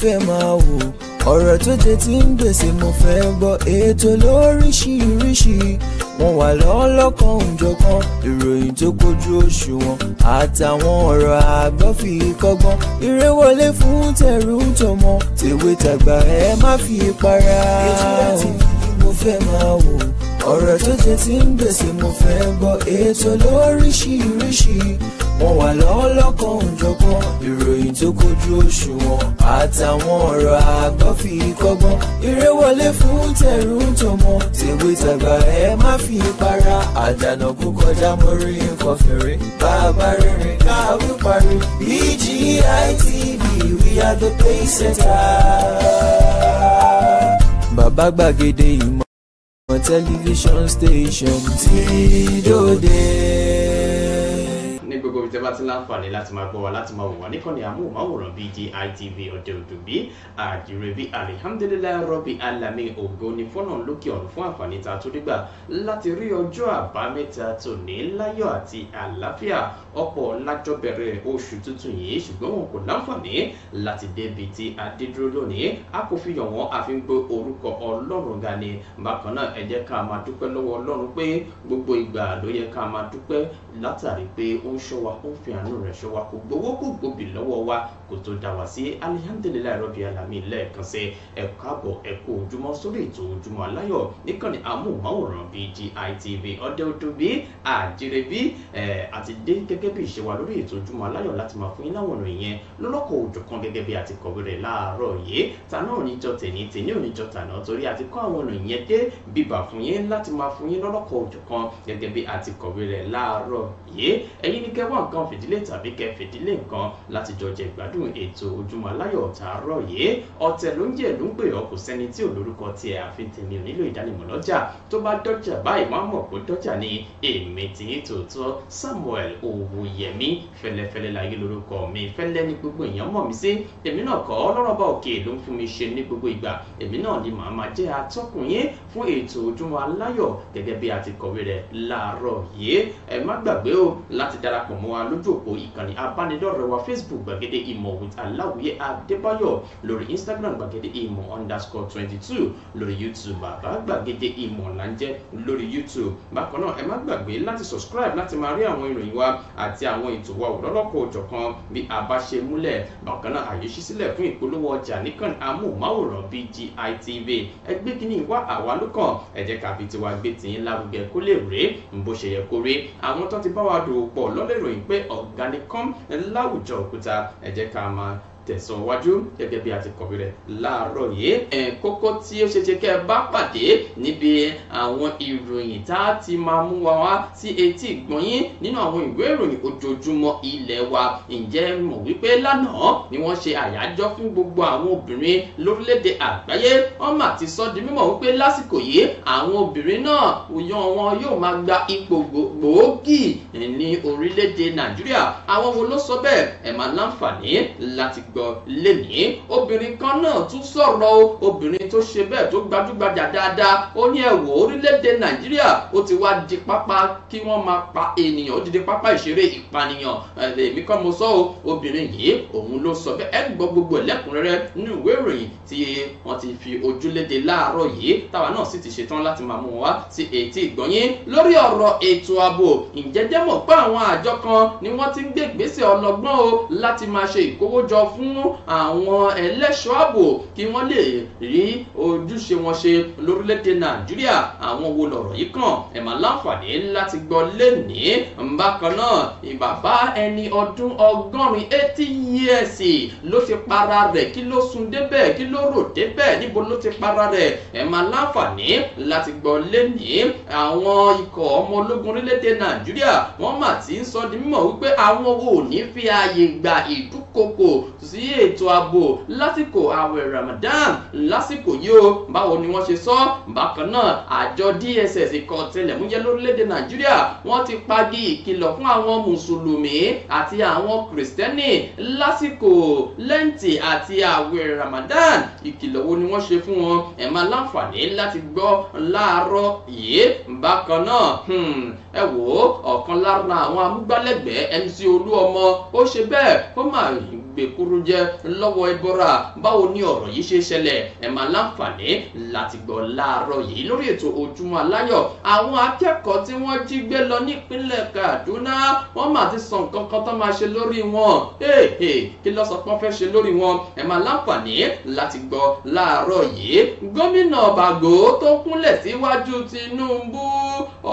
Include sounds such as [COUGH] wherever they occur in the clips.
fẹ́ máa wò ọ̀rọ̀ tó jẹ ti ń gbèsè mo fẹ́ gbọ́ ètò lóríṣiríṣi wọn wà lọ́lọ́kan òjọ̀kan ìròyìn tó kojú òṣùwọ̀n àtàwọn ọ̀rọ̀ àgbọ́ fi kọ́gbọ́n eré wọlé fún tẹ̀rù tọmọ tèwe tàgbà ẹ má fi para. ètò láti mo fẹ́ máa wò ọ̀rọ̀ tó jẹ ti ń gbèsè mo fẹ́ gbọ́ ètò lóríṣiríṣi wọ́n wà lọ́wọ́ lọ́kàn òjọ̀kan ìròyìn tó kojú òṣùwọ̀n àtàwọn ọ̀rọ̀ àgbọ́ kọ́gbọ́n eré wọlé fún tẹ̀rù tọmọ tèwe tàgbà ẹ má fi para àdànà kó kọjá mọ́rí nǹkan bàbá rere káwí parí BGI we are the pace setter. bàbá gbàgede ìmọ̀ tẹlifíṣọ̀n station tí dòde ní gbogbo ibi tẹ́ bá ti láǹfààní láti máa gbọ́ wa láti máa wò wá níkànnì amóhùnmáwòrán BGI TV ọ̀dẹ̀ òdò bí àdìrẹ bí alihamdulilayi rọ́bì alami ògo ni fọ́nà lókè ọ̀run fún àǹfààní ta tó dígbà láti rí ọjọ́ àbámẹ́ta tòní láyọ̀ àti àlàáfíà ọ̀pọ̀ lájọ́ bẹ̀rẹ̀ oṣù tuntun yìí ṣùgbọ́n wọn kò láǹfààní láti débi tí adédúró lónìí a kò fi yàn wọ́n àfi gbé orúkọ ọlọ́run ga ni bákan náà ẹ jẹ́ ká máa dúpẹ́ lọ́wọ́ ọlọ́run pé gbogbo ìgbà ló yẹ ká máa dúpẹ́ látàrí pé ó ń ṣọ́ wa ó ń fi àánú rẹ̀ ṣọ́ wa kò gbowó kò gbòbì lọ́wọ́ wa kò tó dá wa sí alihamdulilayi rọbì alami lẹ́ẹ̀kan sí ẹ káàbọ̀ ẹ kú ojúmọ́ sórí ètò ojúmọ́ aláyọ̀ níkànnì amóhùnmáwòrán BGI TV ọdẹ odò bí àjèrè bí ẹ àti dé gẹ́gẹ́ bí ìṣe wa lórí ètò ojúmọ́ aláyọ̀ láti máa fún yín láwọn ọ̀nà ìyẹn lọ́lọ́kọ̀ òjọ̀kan gẹ́gẹ́ bí àti kọ̀wé rẹ̀ láàárọ̀ yìí tàná òníjọ tèní tèní òníjọ tàná torí àti kọ́ àwọn ọ̀nà ìyẹn dé bíbà fún yín láti máa fún yín lọ́lọ́kọ̀ òjọ̀kan gẹ́gẹ́ bí àti kọ̀wé rẹ̀ láàárọ̀ gbádùn ètò ojúmọ́ aláyọ̀ tààrọ̀ yìí ọ̀tẹ̀ ló ń jẹ́ ló ń pè ọ́ kò sẹ́ni tí ò lórúkọ tiẹ̀ àfi tèmi ò nílò ìdánimọ̀ lọ́jà tó bá dọ́jà báyìí wọ́n á pé dọ́jà ni èmi tí tòótọ́ Samuel Owóyẹmí fẹ́lẹ́fẹ́lẹ́ láyé lórúkọ mi fẹ́lẹ́ ní gbogbo èèyàn mọ̀ mí sí èmi náà kọ́ ọlọ́rọ̀ bá òkè ló ń fún mi ṣe ní gbogbo ìgbà èmi náà ni màá máa jẹ́ atọ́kùn yín fún ètò ojúmọ́ aláyọ̀ gẹ́gẹ́ bí a ti kọ̀wé rẹ̀ láàárọ̀ yìí ẹ má gbàgbé o láti darapọ̀ mọ́ wa lójú òpó ìkànnì abánidọ́rẹ̀ẹ́ wa Facebook gbàgede ìmọ̀ ọ̀mọ̀wé aláwìyé adébáyọ̀ lórí instagram gbàgede imo underscore twenty two lórí youtube bàbá gbàgede ìmọ̀ là ń jẹ́ lórí youtube bákan náà ẹ má gbàgbé láti subscribe láti máa rí àwọn ìròyìn wa àti àwọn ètò wa òlọ́lọ́kọ̀ òjọ̀kan bí a bá ṣe múlẹ̀ bákan náà àyè ṣí sílẹ̀ fún ìpolówó ọjà nìkan amóhùnmáwòrán BGI TV ẹgbẹ́ kìíní wá àwa ló kàn ẹ jẹ́ ká fi tiwa gbé tìyín lárugẹ kó lè rèé bó ṣe yẹ kó rí àwọn tó ti bá wa dòwò pọ̀ lọ́lẹ́ròyìn pé ọ̀gáníkọ́m láwùjọ òkúta ẹ 干嘛？tẹ̀sánwájú gẹ́gẹ́ bí a ti kọ̀wé rẹ̀ láàárọ̀ yìí ẹ̀ kókó tí ó ṣeṣe kẹ́ ẹ bá pàdé níbi àwọn ìròyìn tá a ti máa mú wa wá sí etí ìgbọ̀nyín nínú àwọn ìwé ìròyìn ojoojúmọ́ ilé wa ǹjẹ́ mọ̀ wípé lánàá ni wọ́n ṣe àyájọ́ fún gbogbo àwọn obìnrin lórílẹ̀‐èdè àgbáyé wọ́n mà ti sọ di mímọ̀ wípé lásìkò yìí àwọn obìnrin náà òyàn wọn yóò máa gba ipò gbòógì ní orílẹ̀‐èdè Nàìjíríà àwọn wo ló sọ bẹ́ẹ̀ ẹ máa láǹfààní láti g gbọ́ lénìí obìnrin kan náà tún sọ̀rọ̀ o obìnrin tó ṣe bẹ́ẹ̀ tó gbajúgbajà dáadáa ó ní ẹ̀wọ̀ orílẹ̀-èdè nàìjíríà ó ti wá di pápá kí wọ́n máa pa ènìyàn ó ti di pápá ìṣeré ìpànìyàn èmi kan mo sọ o obìnrin yìí òun ló sọ bẹ́ẹ̀ ẹ̀ ń gbọ́ gbogbo ẹ̀lẹ́kùnrẹ́rẹ́ nínú ìwé ìròyìn tí wọ́n ti fi ojúlédè láàárọ̀ yìí táwa náà sì ti ṣetán láti máa mú wọn sí etí ìgbọ̀nyín lórí ọ̀rọ̀ ètò ààbò ìjẹ́jẹ́ pé àwọn àjọ kan ni wọ́n ti ń gbé ìgbésẹ̀ ọlọ́gbọ́n o láti máa ṣe ìkówójọ fún fún àwọn ẹlẹ́ṣọ́ ààbò kí wọ́n lè rí ojúṣe wọn ṣe lórílẹ̀‐èdè nàìjíríà àwọn wo lọ̀rọ̀ yìí kàn ẹ̀ máa láǹfààní láti gbọ́ lẹ́nìí bákan náà ìbàbá ẹni ọdún ọgọ́rin eighty years ló ti para rẹ̀ kí ló sun débẹ̀ kí ló rò débẹ̀ níbo ló ti para rẹ̀ ẹ̀ máa láǹfààní láti gbọ́ lẹ́nìí àwọn ikọ̀ ọmọ ológun orílẹ̀ nàìjíríà wọ́n mà ti ń sọ di mímọ̀ wípé àwọn ò ní fi ààyè gba ìdúkokò sí ètò ààbò lásìkò àwẹ̀ Ramadan lásìkò yìí o báwo ni wọ́n ṣe sọ bákan náà àjọ DSS ikọ̀ tẹlẹ̀múyẹ́ lórílẹ̀‐èdè Nàìjíríà wọ́n ti pagi ìkìlọ̀ fún àwọn mùsùlùmí àti àwọn kìrìsìtẹ́nì lásìkò lẹ́ǹtì àti àwẹ̀ Ramadan ìkìlọ̀ wo ni wọ́n ṣe fún wọn ẹ máa láǹfààní láti gbọ́ láàárọ̀ yìí bákan náà hmm, ẹ wò ó ọ̀kan lára àwọn amúgbálẹ́gbẹ̀ẹ́ MC Olúọmọ ó ṣe bẹ́ẹ̀ ó máa gbèkúrú jẹ́ lọ́wọ́ ẹbọra báwo ni ọ̀rọ̀ yìí ṣe ṣẹlẹ̀ ẹ máa láǹfààní láti gbọ́ láàárọ̀ yìí lórí ètò ojúmọ́ aláyọ̀ àwọn akẹ́kọ̀ọ́ tí wọ́n jí gbé lọ nípínlẹ̀ Kaduna wọ́n mà ti sọ nǹkan kan tó máa ṣe lórí wọn kí ló sọ pé wọ́n fẹ́ ṣe lórí wọn ẹ máa láǹfààní láti gbọ́ láàárọ̀ yìí gómìnà Bago tó kúnlẹ̀ síwájú Tinubu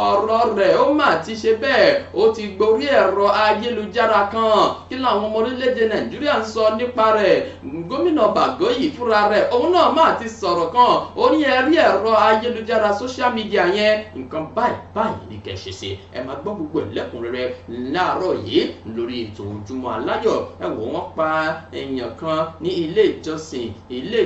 ọ̀rọ̀ rẹ̀ ó mà ti ṣe bẹ́ẹ̀ ó ti gborí ẹ̀rọ ayélujára kan kí làwọn ọmọ orílẹ̀-èdè Nàìjíríà nàìjíríà ń sọ nípa rẹ̀ gómìnà bàgọ́yì fúnra rẹ̀ òun náà máa ti sọ̀rọ̀ kan ó ní ẹ̀rọ ayélujára social media yẹn nǹkan báyìí báyìí ni kẹ́ ṣe ṣe ẹ máa gbọ́ gbogbo ẹ̀lẹ́kùnrẹ́rẹ́ láàárọ̀ yìí lórí ètò ojúmọ́ aláyọ̀ ẹ wò wọ́n pa èèyàn kan ní ilé ìjọsìn ilé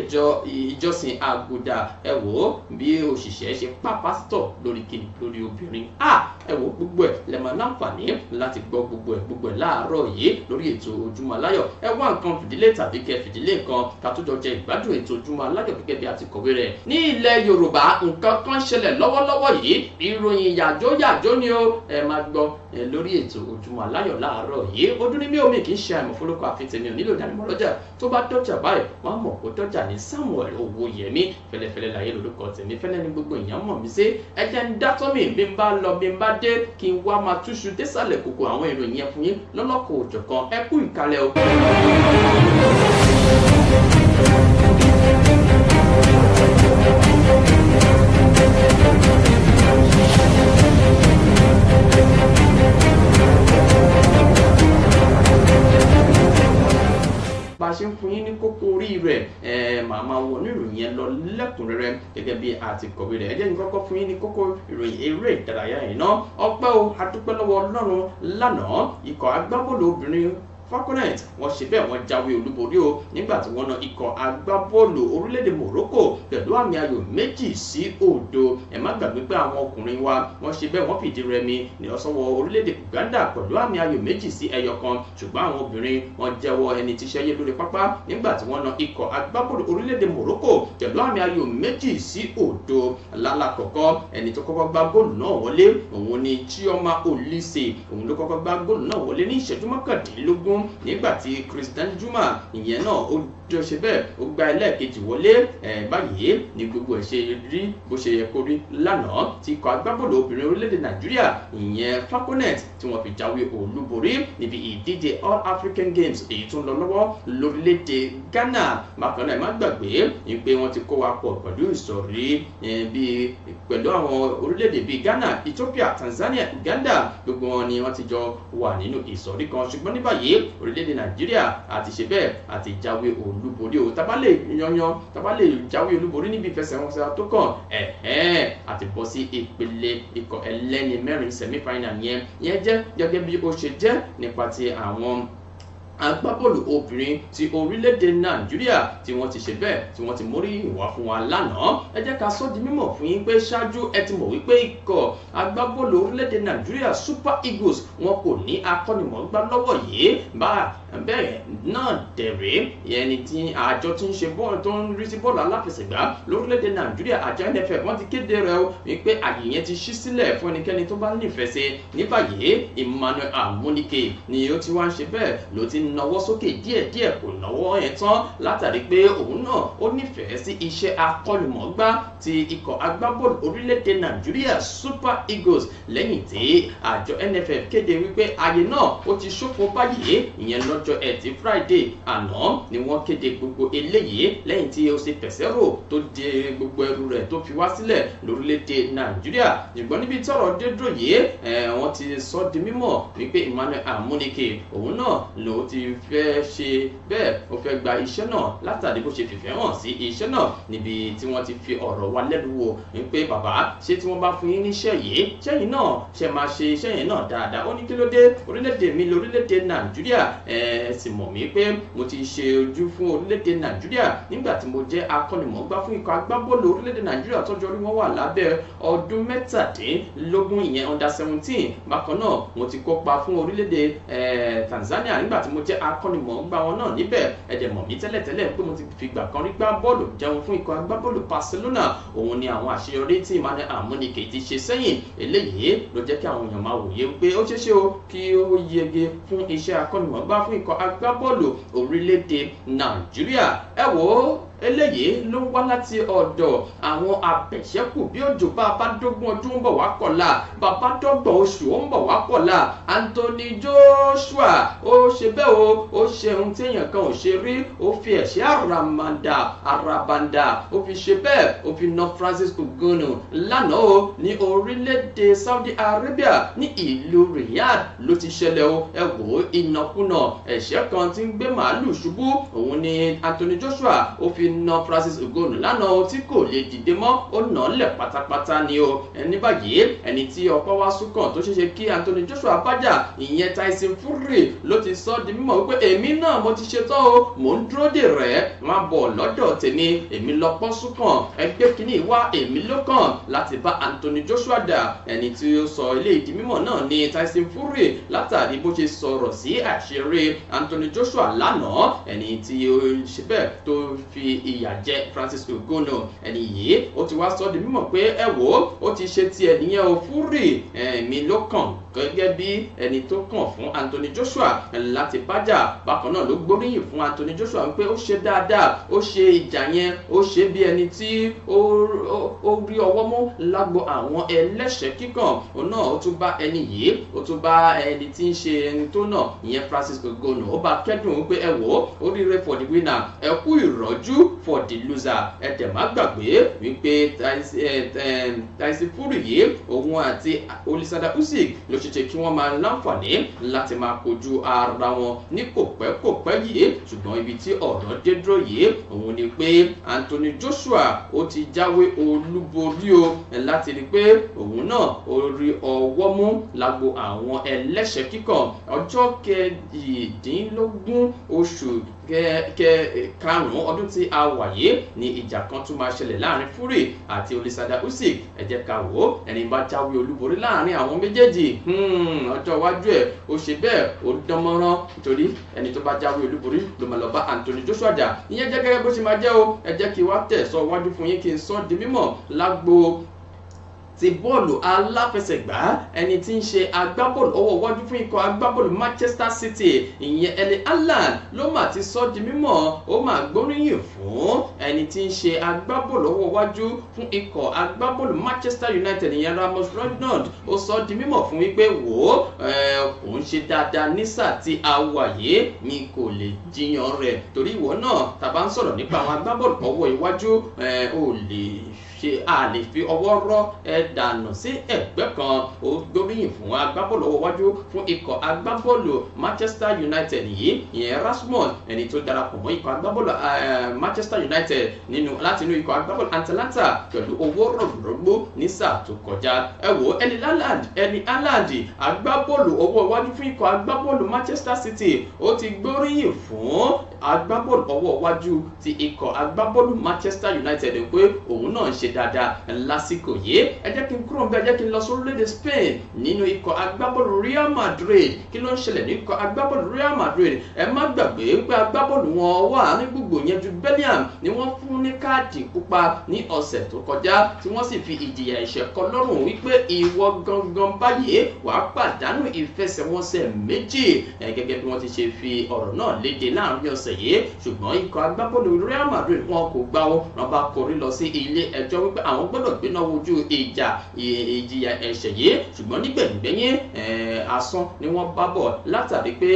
ìjọsìn àgùdà ẹ wò ó bí òṣìṣẹ́ ṣe pa pásítọ̀ lórí kìnnì lórí obìnrin ah ẹ wò gbogbo ẹ lẹ máa láǹfààní láti gbọ́ gbogbo ẹ gbogbo ẹ láàárọ̀ yìí lórí ètò ojúmọ́ aláyọ̀ ẹ ẹ wá nǹkan fìdílé tàbí kẹ fìdílé nǹkan ká tó jọ jẹ ìgbádùn ètò ojúmọ́ aládùn gẹ́gẹ́ bí a ti kọ̀wé rẹ̀ ní ilẹ̀ Yorùbá nǹkan kan ṣẹlẹ̀ lọ́wọ́lọ́wọ́ yìí ìròyìn yàjóyàjó ni ó ẹ máa gbọ́ lórí ètò ojúmọ́ aláyọ̀ láàárọ̀ yìí ojú ní bí omi kì í ṣe àìmọ̀ fọlọ́kọ̀ àfi tèmi ò nílò tó bá dọ́jà báyìí wọ́n á kó dọ́jà ní Samuel Owóyẹmí fẹlẹ́fẹlẹ́ láyé lórúkọ tèmi fẹ́lẹ́ ní gbogbo èèyàn mọ̀ mí sí ẹ̀jẹ̀ ń dátọ́ mi bí n bá lọ bí n bá dé kí n wá máa túṣu désàlẹ̀ kòkò àwọn ìròyìn yẹn fún yín lọ́lọ́kọ̀ òjọ̀kan ẹ kú ìkàlẹ̀ bá a ṣe ń fún yín ní kókó orí rẹ̀ màá máa wọnú ìròyìn yẹn lọ lẹ́kùnrẹ́rẹ́ gẹ́gẹ́ bí a ti kọ̀wé rẹ̀ ẹ jẹ́ n kọ́kọ́ fún yín ní kókó ìròyìn eré ìdárayá yìí ná ọpẹ́ o a dúpẹ́ lọ́wọ́ lánàá ikọ̀ agbábọ́ọ̀lù obìnrin falconet wọ́n ṣe bẹ́ẹ̀ wọ́n jáwé olúborí o nígbà tí wọ́n na ikọ̀ agbábọ́ọ̀lù orílẹ̀-èdè morocco pẹ̀lú àmì ayò méjì sí òdo ẹ má gbàgbé pé àwọn ọkùnrin wa wọ́n ṣe bẹ́ẹ̀ wọ́n fìdí rẹmi nílọsọ́wọ́ orílẹ̀-èdè uganda pẹ̀lú àmì ayò méjì sí ẹyọ kan ṣùgbọ́n àwọn obìnrin wọ́n jẹ́wọ́ ẹni tíṣẹ́ yé lórí pápá nígbà tí wọ́n na ikọ̀ agbábọ́ọ̀lù orílẹ̀-èdè morocco pẹ̀lú àmì ayò méjì sí òdo nígbà tí Christian Juma ìyẹn náà ó tó ṣe bẹ́ẹ̀ ó gba ẹlẹ́ẹ̀kejì wọlé báyìí ni gbogbo ẹ̀ ṣe rí bó ṣe yẹ kó rí lánàá tí ikọ̀ agbábọ́ọ̀lù obìnrin orílẹ̀-èdè Nàìjíríà ìyẹn Falconet tí wọ́n fi jáwé olúborí níbi ìdíje All African Games èyí tó ń lọ lọ́wọ́ lórílẹ̀ Ghana bákan náà má gbàgbé pé wọ́n ti kó wa pọ̀ pẹ̀lú ìsọ̀rí bíi pẹ̀lú àwọn orílẹ̀-èdè bíi Ghana Ethiopia Tanzania Uganda gbogbo wọn ni wọ́n ti jọ wà nínú ìsọ̀rí kan ṣùgbọ́n ní orílẹ̀-èdè nàìjíríà àti ṣe bẹ́ẹ̀ àti jáwé olúborí o tá bá lè yanyan tá bá lè jáwé olúborí níbi ìfẹsẹ̀wọnsẹ̀ tó kàn ẹ̀hẹ́n àti bọ́ sí ìpele ikọ̀ ẹlẹ́ni mẹ́rin semi final yẹn yẹn jẹ́ gẹ́gẹ́ bí ó ṣe jẹ́ nípa ti àwọn agbábọ́ọ̀lù obìnrin ti orílẹ̀-èdè nàìjíríà tí wọ́n ti ṣe bẹ́ẹ̀ tí wọ́n ti móríyìn wá fún wa lánàá ẹ jẹ́ ká sọ́ di mímọ̀ fún yín pé ṣáájú ẹ ti mọ̀ wípé ikọ̀ agbábọ́ọ̀lù orílẹ̀-èdè nàìjíríà super eagles wọn kò ní akọ́nimọ̀ọ́gbá lọ́wọ́ yìí bá bẹ́ẹ̀ náà dẹ̀rẹ́ ẹni tí àjọ tí ń ṣe bọ́ọ̀lù tó ń rí sí bọ́ọ̀lù aláfẹsẹ̀gbá lórílẹ̀‐èdè nàìjíríà àjọ nfl wọ́n ti kéde rẹ̀ o wípé àyè yẹn ti ṣí sílẹ̀ fún ẹnikẹ́ni tó bá nífẹ̀ẹ́ sí ní báyìí emmanuel amunike ni ó ti wá ń ṣe bẹ́ẹ̀ ló ti nawọ́ sókè díẹ̀díẹ̀ kò nawọ́ yẹn tán látàrí pé òun náà ó nífẹ̀ẹ́ sí iṣẹ́ akọ́nimọ̀ọ́gbá ti ikọ̀ agbábọ́ọ̀lù orílẹ̀‐èdè lọ́jọ́ ẹtì friday àná ni wọ́n kéde gbogbo eléyìí lẹ́yìn tí ó ṣe pẹ̀sẹ́rò tó de gbogbo ẹrù rẹ̀ tó fi wá sílẹ̀ lórílẹ̀‐èdè nàìjíríà ṣùgbọ́n níbi tọ́rọ̀ dé dúró yìí wọ́n ti sọ di mímọ̀ wípé emmanuel amunike òun náà ló ti fẹ́ ṣe bẹ́ẹ̀ ó fẹ́ gba iṣẹ́ náà látàrí bó ṣe fìfẹ́ hàn sí iṣẹ́ náà níbi tí wọ́n ti fi ọ̀rọ̀ wa lẹ́nu wò wípé bàbá ṣé tí wọ́n bá fún yín níṣẹ́ yìí ṣẹ́yìn náà ṣe máa ṣe iṣẹ́ yẹn náà dáadáa ó ní kí orílẹ̀-èdè mi lórílẹ̀-èdè nàìjíríà ẹ sì mọ̀ mí pé mo ti ṣe ojú fún orílẹ̀-èdè nàìjíríà nígbà tí mo jẹ́ akọ́nimọ̀ọ́gbá fún ikọ̀ agbábọ́ọ̀lù orílẹ̀-èdè nàìjíríà tọ́jú orí wọn wà lábẹ́ ọdún mẹ́tàdínlógún ìyẹn under seventeen bákan náà mo ti kópa fún orílẹ̀-èdè eh, tanzania nígbà tí mo jẹ́ akọ́nimọ̀ọ́gbá wọn náà níbẹ̀ ẹ̀dẹ̀ mọ̀ mí tẹ́lẹ̀tẹ́lẹ̀ pé mo ti fìgbà kan rí barcelona òun ni àwọn àṣeyọrí tí Emmanuel Amunike ti ṣe sẹ́yìn eléyìí ló jẹ́ kí àwọn èèyàn máa wòye ikọ̀ agbábọ́ọ̀lù orílẹ̀-èdè nàìjíríà ẹ wò ó eléyìí ló wá láti ọ̀dọ̀ àwọn abẹ̀ṣẹ́kù bí òjò bá bá dógún ọdún ń bọ̀ wá kọ̀la bàbá oṣù ń bọ̀ wá kọ̀la Anthony Joshua ó ṣe bẹ́ẹ̀ o ó ṣe ohun téèyàn kan ò ṣe rí ó fi ẹ̀ṣẹ́ àràmàǹdà àràbàǹdà ó fi ṣe bẹ́ẹ̀ ó fi na Francis Ngannou lánàá o ní orílẹ̀-èdè Saudi Arabia ní ìlú Riyadh ló ti ṣẹlẹ̀ o ẹ wò ó ìnàkúnà ẹ̀ṣẹ́ kan ti ń gbé màálù ṣubú òun ni Anthony Joshua ó fi na Francis Ogonu lánàá tí kò lè dìde mọ́ ó nà án lẹ̀ pátápátá ni o ní báyìí ẹni tí ọ̀pọ̀ wá súnkàn tó ṣeéṣe kí Anthony Joshua bájà ìyẹn Tyson Fury ló ti sọ di mímọ̀ wípé èmi náà mo ti ṣetán o mò ń dúró dè rẹ̀ má bọ̀ lọ́dọ̀ tèmi èmi lọ́pọ́ súnkàn ẹgbẹ́ kìíní wá èmi ló kàn láti bá Anthony Joshua dà ẹni tí ó sọ ilé ìdí mímọ̀ náà ni Tyson Fury látàrí bó ṣe sọ̀rọ̀ sí àṣírí Anthony Joshua lánàá ẹni tí ó ṣe bẹ́ẹ̀ tó fi ìyà Francis Ogonu ẹni yìí ó ti wá sọ di mímọ̀ pé ẹ wò ó ó ti ṣe tiẹ̀ nìyẹn o fúrì mi ló kàn gẹ́gẹ́ bí ẹni tó kàn fún Anthony Joshua láti bájà bákan náà ló gbóríyìn fún Anthony Joshua wípé ó ṣe dáadáa ó ṣe ìjà yẹn ó ṣe bí ẹni tí ó rí ọwọ́ mú lágbo àwọn ẹlẹ́ṣẹ̀ kíkàn òun náà ó tún bá ẹni yìí ó tún bá ẹni tí ń ṣe ẹni tó náà ìyẹn Francis Ogonu ó bá kẹ́dùn pé ẹ wò ó oríire for the winner ẹ kú ìrọ́jú for the loser ẹ̀dẹ̀ má gbàgbé wípé Tyson Fury yìí òun àti Olisada Usyk ló ṣe ṣe kí wọ́n máa láǹfààní láti máa kojú ara wọn ní kò pẹ́ kò pẹ́ yìí ṣùgbọ́n ibi tí ọ̀dọ́ dé dúró yìí òun ni pé Anthony Joshua ó ti jáwé olúborí o láti rí i pé òun náà ó rí ọwọ́ mú lágbo àwọn ẹlẹ́ṣẹ̀ kíkàn ọjọ́ kejìdínlógún oṣù Eh, karùn-ún ọdún tí a wà yìí ni ìjà kan tún máa ṣẹlẹ̀ láàrin Fury àti Olisada Usyk ẹ jẹ́ ká wò ó ẹni bá jáwé olúborí láàrin àwọn méjèèjì hmm, ọjọ́ iwájú ẹ̀ ó ṣe bẹ́ẹ̀ ó dán mọ́rán torí ẹni tó bá jáwé olúborí ló máa lọ bá Anthony Joshua jà ìyẹn jẹ́ gẹ́gẹ́ bó ṣe máa jẹ́ o ẹ jẹ́ kí wá tẹ̀ sọ wájú fún yín kí n sọ di mímọ̀ lágbo ti bọ́ọ̀lù aláfẹsẹ̀gbá ẹni tí ń ṣe agbábọ́ọ̀lù ọwọ́ iwájú fún ikọ̀ agbábọ́ọ̀lù Manchester City ìyẹn Erling Haaland ló mà ti sọ di mímọ̀ ó mà gbóríyìn fún ẹni tí ń ṣe agbábọ́ọ̀lù ọwọ́ iwájú fún ikọ̀ agbábọ́ọ̀lù Manchester United ìyẹn Ramos Rodnod ó sọ di mímọ̀ fún wípé wò ó òun ṣe dáadáa nísà tí a wà yìí mi kò lè jiyàn rẹ̀ torí ìwọ náà tàbá ń sọ̀rọ̀ nípa àwọn agbábọ́ọ̀lù ọwọ́ iwájú ò lè ṣe àlè fi ọwọ́ rọ́ ẹ dànù sí ẹgbẹ́ kan ó gbóríyìn fún agbábọ́ọ̀lù ọwọ́ fún ikọ̀ agbábọ́ọ̀lù Manchester United yìí ìyẹn Rasmus ẹni tó darapọ̀ mọ́ ikọ̀ agbábọ́ọ̀lù Manchester United nínú láti inú ikọ̀ agbábọ́ọ̀lù Atalanta pẹ̀lú owó rọ̀gbọ̀rọ̀gbọ̀ ní sáà tó kọjá ẹ wò ẹni Haaland ẹni Haaland agbábọ́ọ̀lù ọwọ́ wájú fún ikọ̀ agbábọ́ọ̀lù Manchester City ó ti gbóríyìn fún agbábọ́ọ̀lù ọwọ́ wájú ti ikọ̀ agbábọ́ọ̀lù Manchester United pé òun náà ṣe dáadáa lásìkò yìí ẹ jẹ́ kí n kúrò níbẹ̀ ẹ jẹ́ kí n lọ sórílẹ̀-èdè Spain nínú ikọ̀ agbábọ́ọ̀lù Real Madrid kí ló ń ṣẹlẹ̀ ní ikọ̀ agbábọ́ọ̀lù Real Madrid ẹ má gbàgbé pé agbábọ́ọ̀lù wọn wà ní gbogbo yẹn ju Bellingham ni wọ́n fún ní káàdì pupa ní ọ̀sẹ̀ tó kọjá tí wọ́n sì fi ìjìyà ẹ̀ṣẹ̀ kọ lọ́rùn wípé ìwọ gangan báyìí wàá pàdánù ìfẹsẹ̀wọnsẹ̀ méjì gẹ́gẹ́ bí wọ́n ti ṣe fi ọ̀rọ̀ náà léde láàrin ọ̀sẹ̀ yìí ṣùgbọ́n ikọ̀ agbábọ́ọ̀lù Real Madrid wọn kò gbà wọn wọn bá kọrí lọ sí ilé ẹjọ́ wípé àwọn gbọ́dọ̀ gbéná wojú ìjà ìjìyà ẹ̀ṣẹ̀ yìí ṣùgbọ́n nígbẹ̀yìngbẹ̀yìn asán ni wọ́n bá bọ̀ látàrí pé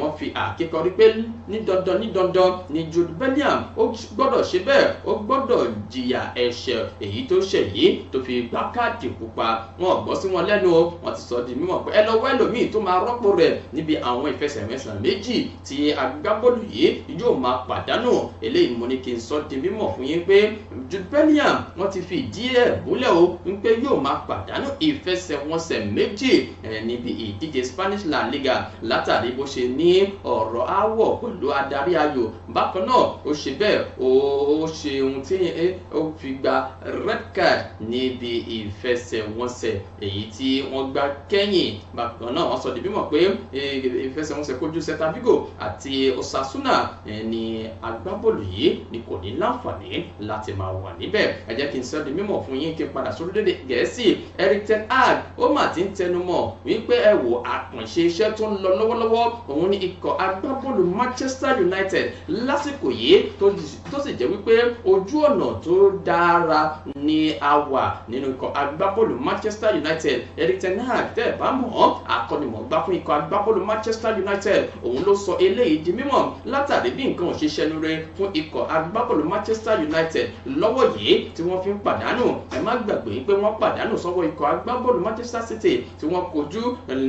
wọ́n fi àkékọrí pé ní dandan ní dandan ni Jude Bellingham ó gbọ́dọ̀ ṣe bẹ́ẹ̀ ó gbọ́dọ̀ jìyà ẹ̀ṣẹ̀ èyí tó ṣẹ̀ yìí tó fi gbá káàdì pupa wọn gbọ́ sí wọn lẹ́nu o wọ́n ti sọ di mímọ̀ pé ẹ lọ wá ẹlòmíì tó máa rọ́pò rẹ̀ níbi àwọn ìfẹsẹ̀wẹsẹ̀ méjì tí agbábọ́ọ̀lù yìí yóò máa pàdánù eléyìí mo ní kí n sọ di mímọ̀ fún yín pé Jude Bellingham wọ́n ti fi ìdí ẹ̀ múlẹ̀ o wípé yóò máa pàdánù ìfẹsẹ̀wọnsẹ̀ méjì níbi ìdíje Spanish La Liga látàrí bó ṣe ní ọ̀rọ̀ áwọ̀ pẹ̀lú adarí ayò bákan náà ó ṣe bẹ́ẹ̀ ó ṣe ohun tí ó fi gba red card níbi ìfẹsẹ̀wọnsẹ̀ èyí tí wọ́n gbá kẹ́yìn bákan náà wọ́n sọ di mímọ̀ pé ìfẹsẹ̀wọnsẹ̀ kojú Celta Vigo àti Osasuna ni agbábọ́ọ̀lù yìí ni kò ní láǹfààní láti máa wà níbẹ̀ ẹ jẹ́ kí n sọ di mímọ̀ fún yín kí n padà sórílẹ̀-èdè gẹ̀ẹ́sì Eric ten Hag ó mà ti ń tẹnumọ́ wípé ẹ wò àkànṣe iṣẹ́ tó ń lọ lọ́wọ́lọ́wọ́ òun ni ikọ̀ agbábọ́ọ̀lù Manchester United lásìkò yìí tó sì jẹ́ wípé ojú ọ̀nà tó dára ni a wà nínú ikọ̀ agbábọ́ọ̀lù Manchester United Eric ten Hag tẹ́ ẹ̀ bá mọ̀ akọ́nimọ̀ọ́gbá fún ikọ̀ agbábọ́ọ̀lù Manchester United òun ló sọ eléyìí di mímọ̀ látàrí bí nǹkan òṣìṣẹ́ nu rẹ̀ fún ikọ̀ agbábọ́ọ̀lù Manchester United lọ́wọ́ yìí tí wọ́n wọ́n fi ń pàdánù ẹ má gbàgbé pé wọ́n pàdánù sọ́wọ́ ikọ̀ agbábọ́ọ̀lù Manchester City tí wọ́n kojú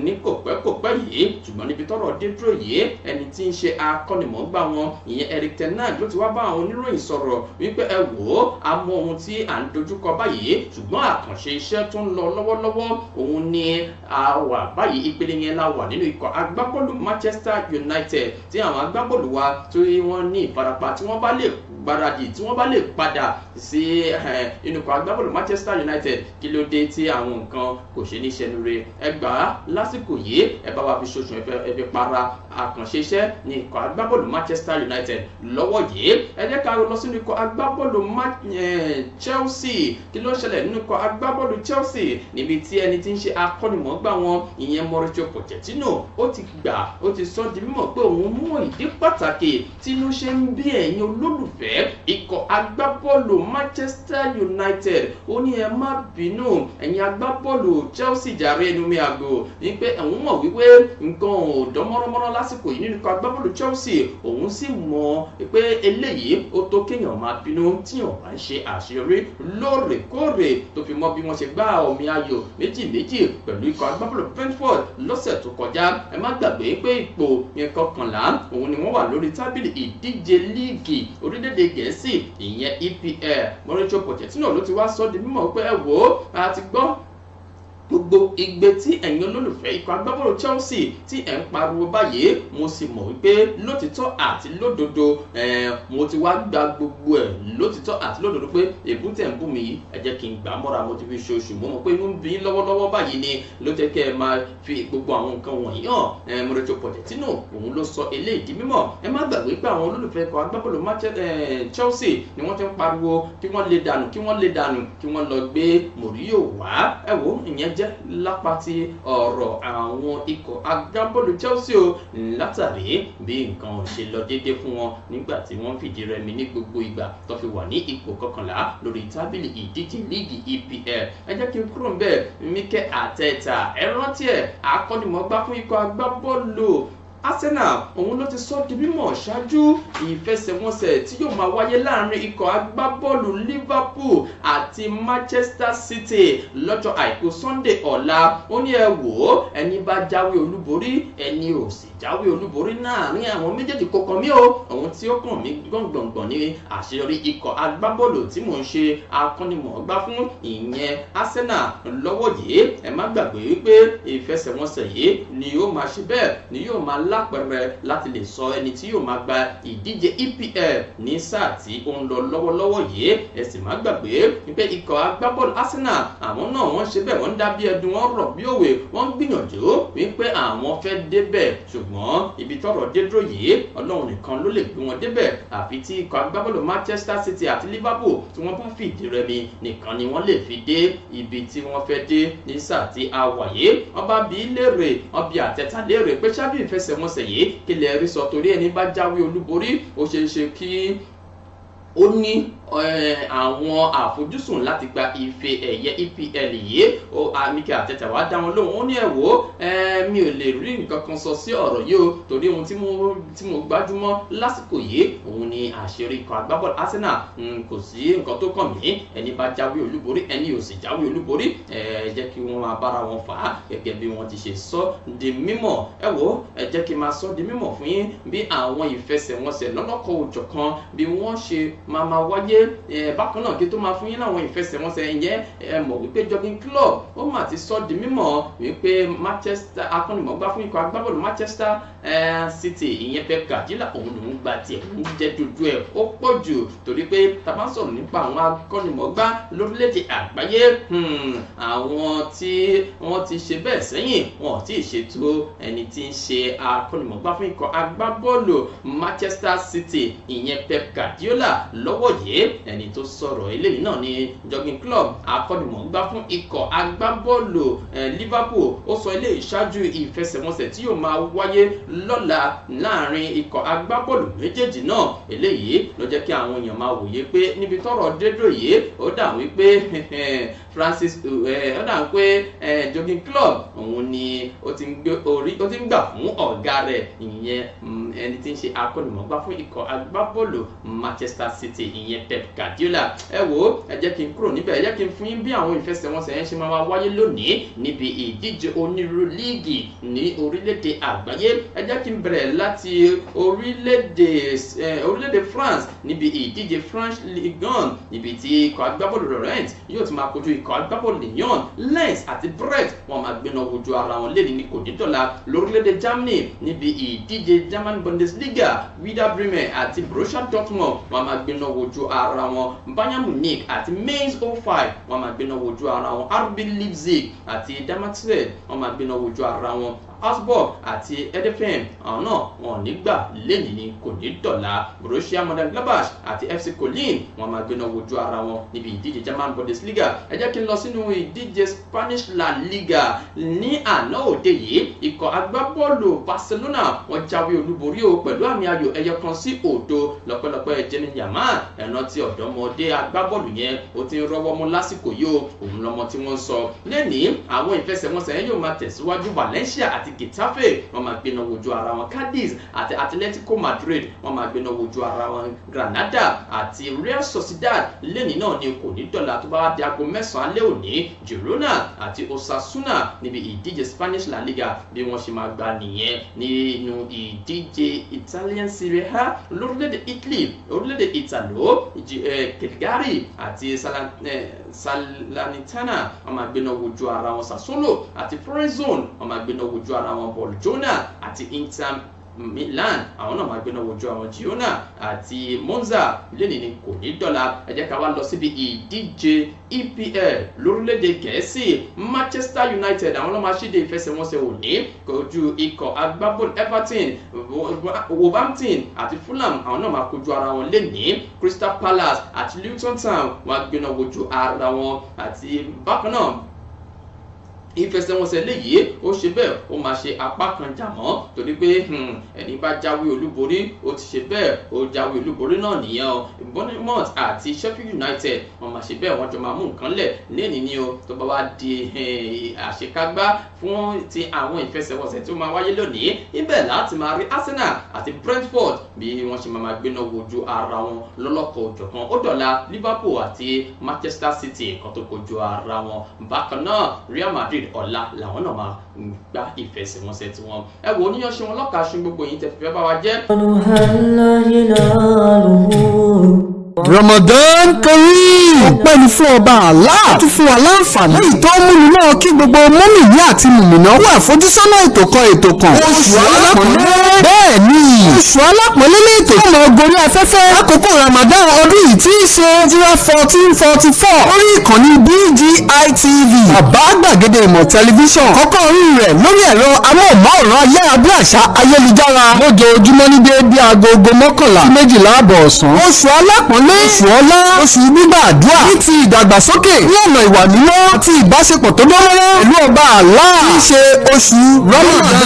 ní kò pẹ́ kò pẹ́ yìí ṣùgbọ́n níbi tọ́rọ̀ dé yìí ẹni tí ń ṣe akọ́nìmọ̀ọ́gbà wọn ìyẹn Eric ten Hag ló ti wá bá àwọn oníròyìn sọ̀rọ̀ wípé ẹ wò ó a mọ ohun tí à ń dojúkọ báyìí ṣùgbọ́n àkànṣe iṣẹ́ tó ń lọ lọ́wọ́lọ́wọ́ òun ni a wà báyìí ìpele yẹn la wà nínú ikọ̀ agbábọ́ọ̀lù Manchester United tí àwọn agbábọ́ọ̀lù wa tó wọ́n ní ìfarapa tí wọ́n bá lè gbáradì tí wọ́n bá lè padà sí eh, inú kan agbábọ́ọ̀lù Manchester United kí ló dé tí àwọn nǹkan kò ṣe ní ṣẹnu re ẹ gbà á lásìkò yìí ẹ bá wa fi ṣoṣù ẹ fi para àkànṣe iṣẹ́ ní ikọ̀ agbábọ́ọ̀lù Manchester United lọ́wọ́ yìí ẹ jẹ́ ká lọ sínú ikọ̀ agbábọ́ọ̀lù eh, Chelsea kí ló ṣẹlẹ̀ nínú ikọ̀ agbábọ́ọ̀lù Chelsea níbi tí ẹni tí ń ṣe akọ́nimọ̀ọ́gbà wọn ìyẹn Mauricio Pochettino ó ti gbà ó ti sọ di mímọ̀ pé òun mú ìdí pàtàkì tí inú ṣe ń bí ẹ̀yin olólùfẹ́ pep ikọ̀ agbábọ́ọ̀lù manchester united ó ní ẹ má bínú ẹ̀yin agbábọ́ọ̀lù chelsea jàre ẹnu mi àgò ní pé ẹ̀hún mọ̀ wípé nǹkan ò dán mọ́rọ́mọ́rọ́ lásìkò yìí nínú ikọ̀ agbábọ́ọ̀lù chelsea òun sì mọ̀ pé eléyìí ó tó kéèyàn máa bínú tíyàn bá ń ṣe àṣeyọrí lóòrèkóòrè tó fi mọ́ bí wọ́n ṣe gbá omi ayò méjì méjì pẹ̀lú ikọ̀ agbábọ́ọ̀lù brentford lọ́sẹ̀ tó kọjá ẹ má gbàgbé pé ipò yẹn kọkànlá òun ni wọ́n wà lórí tábìlì ìdíje líìgì orílẹ̀-èdè gẹ̀ẹ́sì ìyẹn EPL Mauricio Pochettino ló ti wá sọ di mímọ̀ pé ẹ wò ó a ti gbọ́ gbogbo igbe tí ẹ̀yin olólùfẹ́ ikọ̀ agbábọ́ọ̀lù Chelsea tí ẹ̀ ń pariwo báyìí mo sì mọ̀ wípé lótìtọ́ àti lódodo eh, mo ti wá gba gbogbo ẹ̀ lótìtọ́ àti lódodo pé ègún tẹ̀ ń bù mí ẹ jẹ́ kí n gbà mọ́ra mo ti fi ṣoṣù mo mọ̀ pé inú ń bí lọ́wọ́lọ́wọ́ báyìí ni ló jẹ́ kẹ́ ẹ máa fi gbogbo àwọn nǹkan wọ̀nyí hàn eh, Mauricio Pochettino òun ló sọ eléyìí di mímọ̀ ẹ má gbàgbé pé àwọn olólùfẹ́ ikọ̀ agbábọ́ọ̀lù eh, Chelsea ni wọ́n ti ń pariwo kí wo ìyẹn jẹ́ lápá ti ọ̀rọ̀ àwọn ikọ̀ agbábọ́ọ̀lù Chelsea o látàrí bí nǹkan ò ṣe lọ déédé fún wọn nígbà tí wọ́n fìdí rẹmi ní gbogbo ìgbà tó fi wà ní ipò kọkànlá lórí tábìlì ìdíje líìgì EPL ẹ jẹ́ kí n kúrò ńbẹ̀ Mikel Arteta ẹ rántí ẹ̀ akọ́nimọ̀ọ́gbá fún ikọ̀ agbábọ́ọ̀lù Arsenal òun ló ti sọ di mímọ̀ ṣáájú ìfẹsẹ̀wọnsẹ̀ tí yóò máa wáyé láàrin ikọ̀ agbábọ́ọ̀lù Liverpool àti Manchester City lọ́jọ́ àìkú Sunday ọ̀la ó ní ẹ wò ó ẹni bá jáwé olúborí ẹni ò sí jáwé olúborí náà ní àwọn méjèèjì kọkàn mi o ohun tí ó kàn mí gbọ̀ngbọ̀ngbọ̀n ní àṣeyọrí ikọ̀ agbábọ́ọ̀lù tí mò ń ṣe akọ́nimọ̀ọ́gbá fún ìyẹn Arsenal lọ́wọ́ yìí ẹ má gbàgbé wípé ìfẹsẹ̀wọnsẹ̀ yìí ni yóò máa ṣe bẹ́ẹ̀ ni yóò máa lápẹẹrẹ láti lè sọ ẹni tí yóò máa gba ìdíje EPL ní sáà tí ó ń lọ lọ́wọ́lọ́wọ́ yìí ẹ sì má gbàgbé wípé ikọ̀ agbábọ́ọ̀lù Arsenal àwọn náà wọ́n ṣe bẹ́ẹ̀ wọ́n dá ẹdun wọ́n rọ̀ bí òwe wọ́n gbìyànjú wípé àwọn fẹ́ débẹ̀ ṣùg ṣùgbọ́n ibi tọ́rọ̀ dé dúró yìí ọlọ́run nìkan ló lè gbé wọn débẹ̀ àfi tí ikọ̀ agbábọ́ọ̀lù Manchester City àti Liverpool tí wọ́n bá fìdí rẹmi nìkan ni wọ́n lè fi dé ibi tí wọ́n fẹ́ dé ní sáà tí a wà yìí wọ́n bá bí léèrè wọ́n bí àtẹ́tà léèrè pé ṣáájú ìfẹsẹ̀wọnsẹ̀ yìí kílẹ̀ rí sọ torí ẹni bá jáwé olúborí ó ṣeé ṣe kí ó ní Eh, àwọn àfojúsùn láti gba ife ẹ̀yẹ EPL yìí ó Mikel Arteta wá dá wọn lóhùn ó ní ẹ wò mi ò lè rí nǹkan kan sọ sí ọ̀rọ̀ yìí o torí ohun tí mo gbájúmọ́ lásìkò yìí òun ni àṣírí ikọ̀ agbábọ́ọ̀lù Arsenal hmm, kò sí nǹkan tó kàn mí ẹni bá jáwé olúborí ẹni ò sì jáwé olúborí ẹ jẹ́ kí wọ́n máa bára wọn fà á gẹ́gẹ́ bí wọ́n ti ṣe sọ di mímọ̀ ẹ wò ó ẹ jẹ́ kí n máa sọ di mímọ̀ fún yín bí àwọn ìfẹsẹ̀wọnsẹ̀ lọ́lọ́kọ̀ òjọ̀kan bí wọ́n ṣe máa máa wáyé wáyé bákan náà kí tó máa fún yín láwọn ìfẹsẹ̀wọnsẹ̀ ìyẹn ẹ mọ̀ wípé jogging club ó mà ti sọ di mímọ̀ wípé Manchester akọ́nimọ̀gbá fún ikọ̀ agbábọ́ọ̀lù Manchester City ìyẹn Pep Guardiola òun lòún gba tiẹ̀ ń jẹ́ dojú ẹ̀ ó pọ̀ jù torí pé tá bá sọ̀rọ̀ nípa àwọn akọ́nimọ̀ọ́gbá lórílẹ̀‐èdè àgbáyé hmm, àwọn tí wọ́n ti ṣe bẹ́ẹ̀ sẹ́yìn wọn ò tí ì ṣètò ẹni tí ń ṣe akọ́nimọ̀ọ́gbá fún ikọ̀ agbábọ́ọ̀lù Manchester City ìyẹn Pep Guardiola lọ́wọ́ yìí ẹni tó sọ̀rọ̀ eléyìí náà ni jogging club akọ́nimọ̀ọ́gbá fún ikọ̀ agbábọ́ọ̀lù eh, Liverpool ó sọ eléyìí ṣáájú ìfẹsẹ̀wọnsẹ̀ tí yóò máa wáyé lọ́la láàrin ikọ̀ agbábọ́ọ̀lù méjèèjì náà eléyìí ló jẹ́ kí àwọn èèyàn máa wòye pé níbi tọ́rọ̀ dédò yìí ó dà wípé [LAUGHS] Francis eh, ó dà ń pé eh, jogging club òun ni ó ti ń gbé orí ó ti ń gbà fún ọ̀gá rẹ̀ ìyẹn mm, ẹni tí ń ṣe akọ́nìmọ̀gbá fún ikọ̀ agbábọ́ọ̀lù Manchester City ìyẹn Pep Guardiola ẹ wò ó ẹ jẹ́ kí n kúrò níbẹ̀ ẹ jẹ́ kí n fún yín bí àwọn ìfẹsẹ̀wọnsẹ̀ yẹn ṣe máa wá wáyé lónìí níbi ìdíje onírúurú líìgì ní orílẹ̀-èdè àgbáyé ẹ jẹ́ kí n bẹ̀rẹ̀ láti orílẹ̀-èdè eh, orílẹ̀-èdè France níbi ìdíje France Ligue 1 níbi tí ikọ̀ agbábọ́ọ̀lù Lorient yóò ti máa kojú ik ikọ̀ agbábọ́ọ̀lù lyon lens àti brett wọn máa gbéná wojú ara wọn lẹ́ni ní kò ní dọ̀la germany níbi ìdíje german bundesliga wida bremen àti borussia dortmund wọn máa gbéná wojú ara wọn bayern munich àti mainz 05 wọn máa gbéná wojú ara wọn rb leipzig àti damatse wọn máa gbéná wojú ara wọn Augsburg àti Edefim àwọn náà wọn ò ní gbà lẹ́yìn ni kò ní dọ̀la Borussia Mönchengladbach àti FC colin wọn máa gbéná wojú ara wọn níbi ìdíje German Bundesliga ẹ jẹ́ kí n lọ sínú ìdíje Spanish La Liga ní àná òde yìí ikọ̀ agbábọ́ọ̀lù Barcelona wọn jáwé olúborí o pẹ̀lú àmì ayò ẹyọ kan sí òdo lọ́pẹ́lọpẹ́ Lamine Yamal ẹ̀nà tí ọ̀dọ́mọdé agbábọ́ọ̀lù yẹn ó ti ń rọ́wọ́ mú lásìkò yìí o òun lọ́mọ tí wọ́n ń sọ lẹ́nìí àwọn ìfẹsẹ̀wọnsẹ̀ yóò máa tẹ̀síwájú Valencia àti àti Getafe wọ́n máa gbéná wojú ara wọn Cadiz àti Atletico Madrid wọ́n máa gbéná wojú ara wọn Granada àti Real Sociedad lẹ́ni náà ni kò ní dọ̀là tó bá wá di aago mẹ́sàn-án alẹ́ òní Girona àti Osasuna níbi ìdíje Spanish La Liga bí wọ́n ṣe máa gba nìyẹn nínú ìdíje Italian Serie A lórílẹ̀‐èdè Italy orílẹ̀‐èdè Italo eh, Cagliari àti salant eh, Salanitana, wọ́n máa gbéná wojú ara wọn Sassuolo àti Florenzone wọ́n máa wojú ara wọn Bologna àti Inter Milan àwọn náà máa gbéná wojú àwọn Girona àti Monza lẹ́nìí ni kò ní dọ́là ẹ jẹ́ ká wá lọ síbi ìdíje EPL lórílẹ̀‐èdè Gẹ̀ẹ́sì Manchester United àwọn náà máa ṣíde ìfẹsẹ̀wọnsẹ̀ òní kojú ikọ̀ agbábọ́ọ̀lù Everton Wolverhampton àti Fulham àwọn náà máa kojú ara wọn lẹ́nìí Crystal Palace àti Luton Town wọn á gbéná wojú ara wọn àti bákan náà ìfẹsẹ̀wọnsẹ̀ léyìí ó ṣe bẹ́ẹ̀ ó máa ṣe apá kan jà mọ́ torí pé hmm, ẹni bá jáwé olúborí ó ti ṣe bẹ́ẹ̀ ó jáwé olúborí náà nìyẹn o Bournemouth àti Sheffield United wọ́n máa ṣe bẹ́ẹ̀ wọ́n jọ máa mú nǹkan lẹ̀ lẹ́ni ni o tó bá wá di hmm, àṣekágbá fún ti àwọn ìfẹsẹ̀wọnsẹ̀ tí ó máa wáyé lónìí ibẹ̀ láti máa rí Arsenal àti Brentford bí wọ́n ṣe máa gbéná wojú ara wọn lọ́lọ́kọ̀ òjọ̀kan ó dọ̀la Liverpool àti Manchester City kan tó kojú ara wọn bákan náà Real Madrid ọ̀la làwọn náà máa gba ìfẹsẹ̀wọnsẹ̀ tiwọn. ẹ wo oníyan ṣe wọn lọ́ka ṣun gbogbo yìí tẹ̀ bá wa jẹ́. ọ̀nà àlàyé náà lòun. Ramadan Kareem. ọpẹ́ ni fún ọba Allah tún fún wa láǹfààní. ìtọ́ múni náà kí gbogbo mọ́mìyí àti mùmìnà wà fojúsọ́nà ètò kan ètò kan. oṣù alápọ̀nlé. bẹ́ẹ̀ ni oṣù alápọ̀nlé ní ètò kan ọgọ́rí afẹ́fẹ́. àkókò Ramadan ọdún yìí tí í ṣe zero fourteen forty four lórí ìkànnì BGI TV. bàbá gbàgede ìmọ̀ tẹlifíṣàn kọ́kọ́ orí rẹ̀ lórí ẹ̀rọ amóhùnmáwòrán ayárabíàṣá ayélujára lójoojúmọ́ ní déédéé aago mọ́kànlá sí méjìlá àbọ̀ ọ̀sán. oṣù alápọ̀nlé wọlé oṣù ọlá oṣù gbígbàdúrà ní ti ìdàgbàsókè ní ọ̀nà ìwà mímọ́ àti ìbáṣepọ̀ tó dánwọ́rọ́ pẹ̀lú ọba àlá tí í ṣe oṣù Ramadan.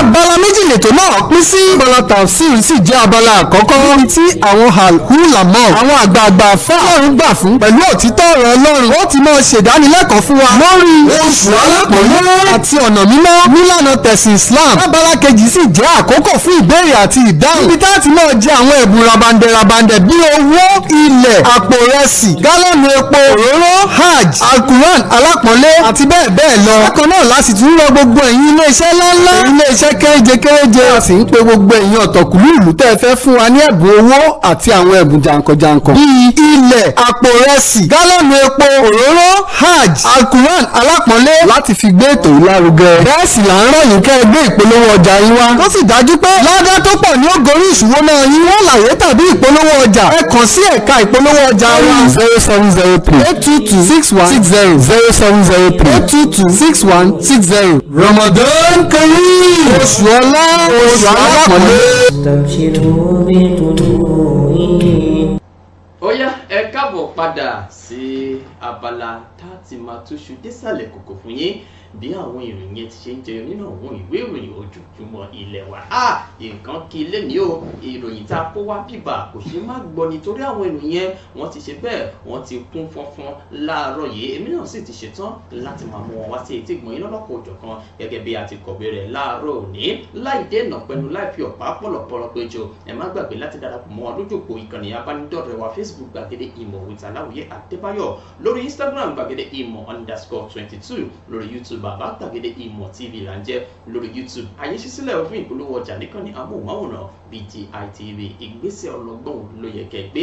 abala méjì lètò náà pín sí. abala tafsir sì jẹ́ abala àkọ́kọ́. níbi tí àwọn al-ulama àwọn àgbààgbà fà lọ́run gbà fún pẹ̀lú òtítọ́ ọ̀rọ̀ Ọlọ́run ó ti máa ṣèdánilẹ́kọ̀ọ́ fún wa lórí oṣù alápọ̀lẹ́ àti ọ̀nà mímọ́ nílànà tẹ̀sìn Islam. abala kejì sì jẹ́ àkókò fún ìbéèrè àti ìdáhùn. níbi tá a ti máa jẹ àwọn ẹ̀bùn rabandẹ rabandẹ bíi owó ilẹ̀ àpò rẹsì gálọ́ọ̀nù epo òróró hajj alkuran alápọ̀nlé àti bẹ́ẹ̀ bẹ́ẹ̀ lọ. bákan náà la sì tún rọ gbogbo ẹ̀yin iléeṣẹ́ ńláńlá iléeṣẹ́ kéréje kéréje a sì ń pe gbogbo ẹ̀yin ọ̀tọ̀kùlú ìlú tẹ́ ẹ fẹ́ fún wa ní ẹ̀bùn owó àti àwọn ẹ̀bùn jàǹkànjàǹkàn. bíi ilẹ̀ àpò rẹsì gálọ́ọ̀nù epo òróró hajj alkuran alápọ̀nlé láti fi gbé ètò lárugẹ. bẹ́ẹ̀ sì là ń rọ̀ yín ẹ̀ka ìpolówó ọjà wa zero seven zero three eight two two six one six zero zero seven zero three eight two two six one six zero. Ramadan Kareem oṣù ọlá oṣù alápọ̀lẹ́. ó ẹ káàbọ̀ padà sí abala tá a ti máa túṣu désàlẹ̀ kòkò fún yín bí àwọn ìròyìn yẹn ti ṣe ń jẹyọ nínú àwọn ìwé ìròyìn ojoojúmọ́ ilé wa a nǹkan kí ilé ní o ìròyìn tá a kó wá bíbà kò ṣe má gbọ́ nítorí àwọn ìròyìn yẹn wọ́n ti ṣe bẹ́ẹ̀ wọ́n ti kún fọ́nfọ́n láàárọ̀ yìí èmi náà sì ti ṣetán láti máa mú wọn wá sí etí gbọ̀nyìn lọ́lọ́kọ̀ òjọ̀kan gẹ́gẹ́ bí a ti kọ̀wé rẹ̀ láàárọ̀ òní láì dènà pẹ̀lú láì fi ọ̀pá pọ̀lọ̀pọ̀lọ̀ péjọ ẹ má gbàgbé láti darapọ̀ mọ́ lójúkò ìkànnì abánidọ́rẹ̀ wa Facebook gbàgede ìmọ̀ with Aláwìyé Adébáyọ̀ lórí Instagram gbàgede ìmọ̀ underscore twenty two lórí YouTube bàbá gbàgede ìmọ̀ tv là ń jẹ́ lórí youtube àyè ṣíṣílẹ̀ fún ìpolówó ọjà nìkan ní amóhùnmáwòrán BGI TV ìgbésẹ̀ ọlọ́gbọ́n ló yẹ kẹ́ gbé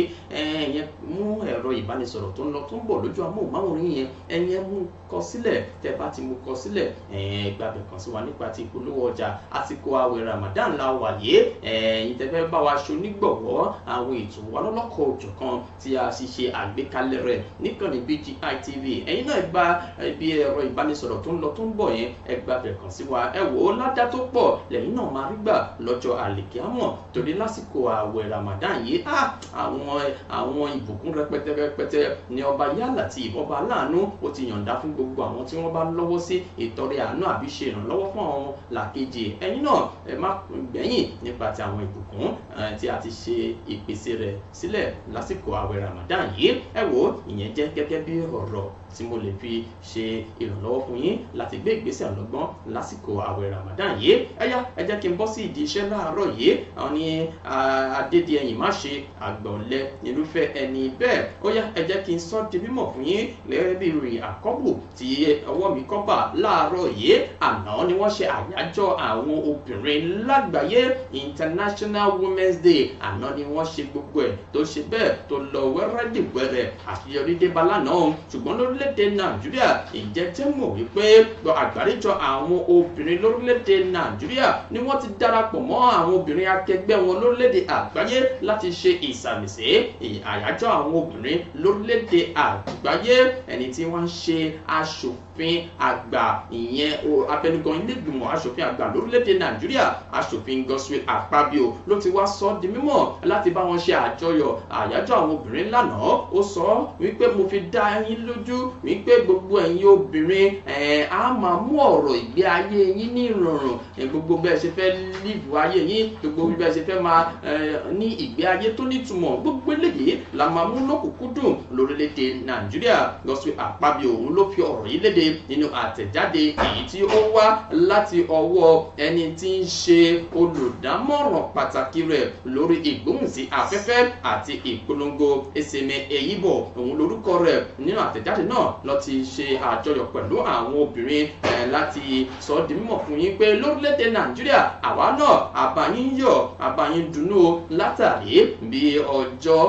ẹ̀yẹn mú ẹ̀rọ ìbánisọ̀rọ̀ tó ń lọ tó ń bọ̀ lójú amóhùnmáwòrán yẹn ẹ̀yẹn mú kọ sílẹ̀ tẹ́ bá ti mú kọ sílẹ̀ gbàgbẹ́ kan sí wa nípa ti ìpolówó ọjà àsìkò àwẹ̀ Ramadan la wà yé ẹ̀yin tẹ́ fẹ́ bá wa ṣonígbọ̀wọ́ àwọn ètò wa lọ́lọ́kọ̀ òjọ̀kan tí a sì ṣe àgbékalẹ̀ rẹ̀ níkànnì BGI TV ẹ̀yin náà gba ibi ẹ̀rọ ìbánisọ̀rọ̀ tó ń lọ tó ń bọ̀ yẹn ẹ gbàgbẹ́ kan sí wa ẹ wò ó ládá tó pọ̀ lẹ́yìn náà máa rí gbà lọ́jọ́ àlèkè àmọ́ torí lásìkò ààwẹ̀ Ramadan yìí àwọn àwọn ìbùkún rẹpẹtẹ rẹpẹtẹ ni ọba yálà ti ìbọba aláàánú ó ti yọ̀ǹda fún gbogbo àwọn tí wọ́n bá lọ́wọ́ sí ìtọrẹ àánú àbí ṣe ìrànlọ́wọ́ fún àwọn làkejì ẹ̀yin náà ẹ má gbẹ̀yìn nípa ti àwọn ìbùkún tí a ti ṣe ìpèsè rẹ̀ sílẹ̀ lásìkò ààwẹ̀ Ramadan yìí ẹ wò ìyẹn jẹ́ gẹ́gẹ́ bí ọ̀rọ̀ tí mo lè fi ṣe ìrànlọ́wọ́ fún yín láti gbé ìgbésẹ̀ ọlọ́gbọ́n lásìkò àwẹ̀ Ramadan yìí ẹyá ẹ jẹ́ kí n bọ́ sí ìdí iṣẹ́ láàárọ̀ yìí àwọn ní Adédìẹyìn má ṣe àgbọ̀nlẹ̀ irúfẹ́ ẹni bẹ́ẹ̀ ó yá ẹ jẹ́ kí n sọ di mímọ̀ fún yín lẹ́rẹ́ bí rìn àkọ́bù tí ọwọ́ mi kọ́ bà láàárọ̀ yìí àná ni wọ́n ṣe àyájọ́ àwọn obìnrin lágbàáyé International Women's Day àná ni wọ́n ṣe gbogbo ẹ̀ tó ṣe bẹ́ẹ̀ tó lọ wẹ́rẹ́dìwẹ́rẹ́ àṣeyọrí dé balánà ṣùgbọ́n lórílẹ̀ lórílẹ̀‐èdè nàìjíríà ìjẹ́ tẹ́ mọ̀ wípé àgbáríjọ àwọn obìnrin lórílẹ̀‐èdè nàìjíríà ni wọ́n ti darapọ̀ mọ́ àwọn obìnrin akẹgbẹ́ wọn lórílẹ̀‐èdè àgbáyé láti ṣe ìsàmìsí àyájọ́ àwọn obìnrin lórílẹ̀‐èdè àgbáyé ẹni tí wọ́n ń ṣe aṣòfin àgbà ìyẹn abẹnugan ilégbìmọ̀ aṣòfin àgbà lórílẹ̀‐èdè nàìjíríà aṣòfin Godswill Akpabio ló ti wá sọ di mímọ̀ láti bá wọn ṣe àjọyọ̀ àyájọ́ àwọn obìnrin lánàá ó sọ wípé mo fi dá yín lójú wípé gbogbo ẹ̀yin obìnrin ẹ̀ eh, á máa mú ọ̀rọ̀ ìgbé ayé yín ní ìrọ̀rùn eh, gbogbo bẹ́ẹ̀ ṣe fẹ́ líìbù ayé yín gbogbo bẹ́ẹ̀ ṣe fẹ́ máa eh, ní ìgbé ayé tó nítumọ̀ gbogbo eléyìí la máa mú lọ́kùnkúndùn lórílẹ̀‐èdè nàìjíríà Godswill Akpabio òun ló fi ọ̀rọ̀ yìí léde nínú àtẹ̀jáde èyí tí ó wá láti ọwọ́ ẹni tí ń ṣe olùdámọ̀ràn pàtàkì rẹ̀ lórí ìgbóhùnsí afẹ́fẹ́ àti ìpolongo Eseme Eyibo òun lorúkọ rẹ̀ nínú àtẹ̀jáde náà náà lọ ti ṣe àjọyọ̀ pẹ̀lú àwọn obìnrin láti sọ di mímọ̀ fún yín pé lórílẹ̀‐èdè nàìjíríà àwa náà àbáyín yọ̀ àbáyín dunnú látàrí bí ọjọ́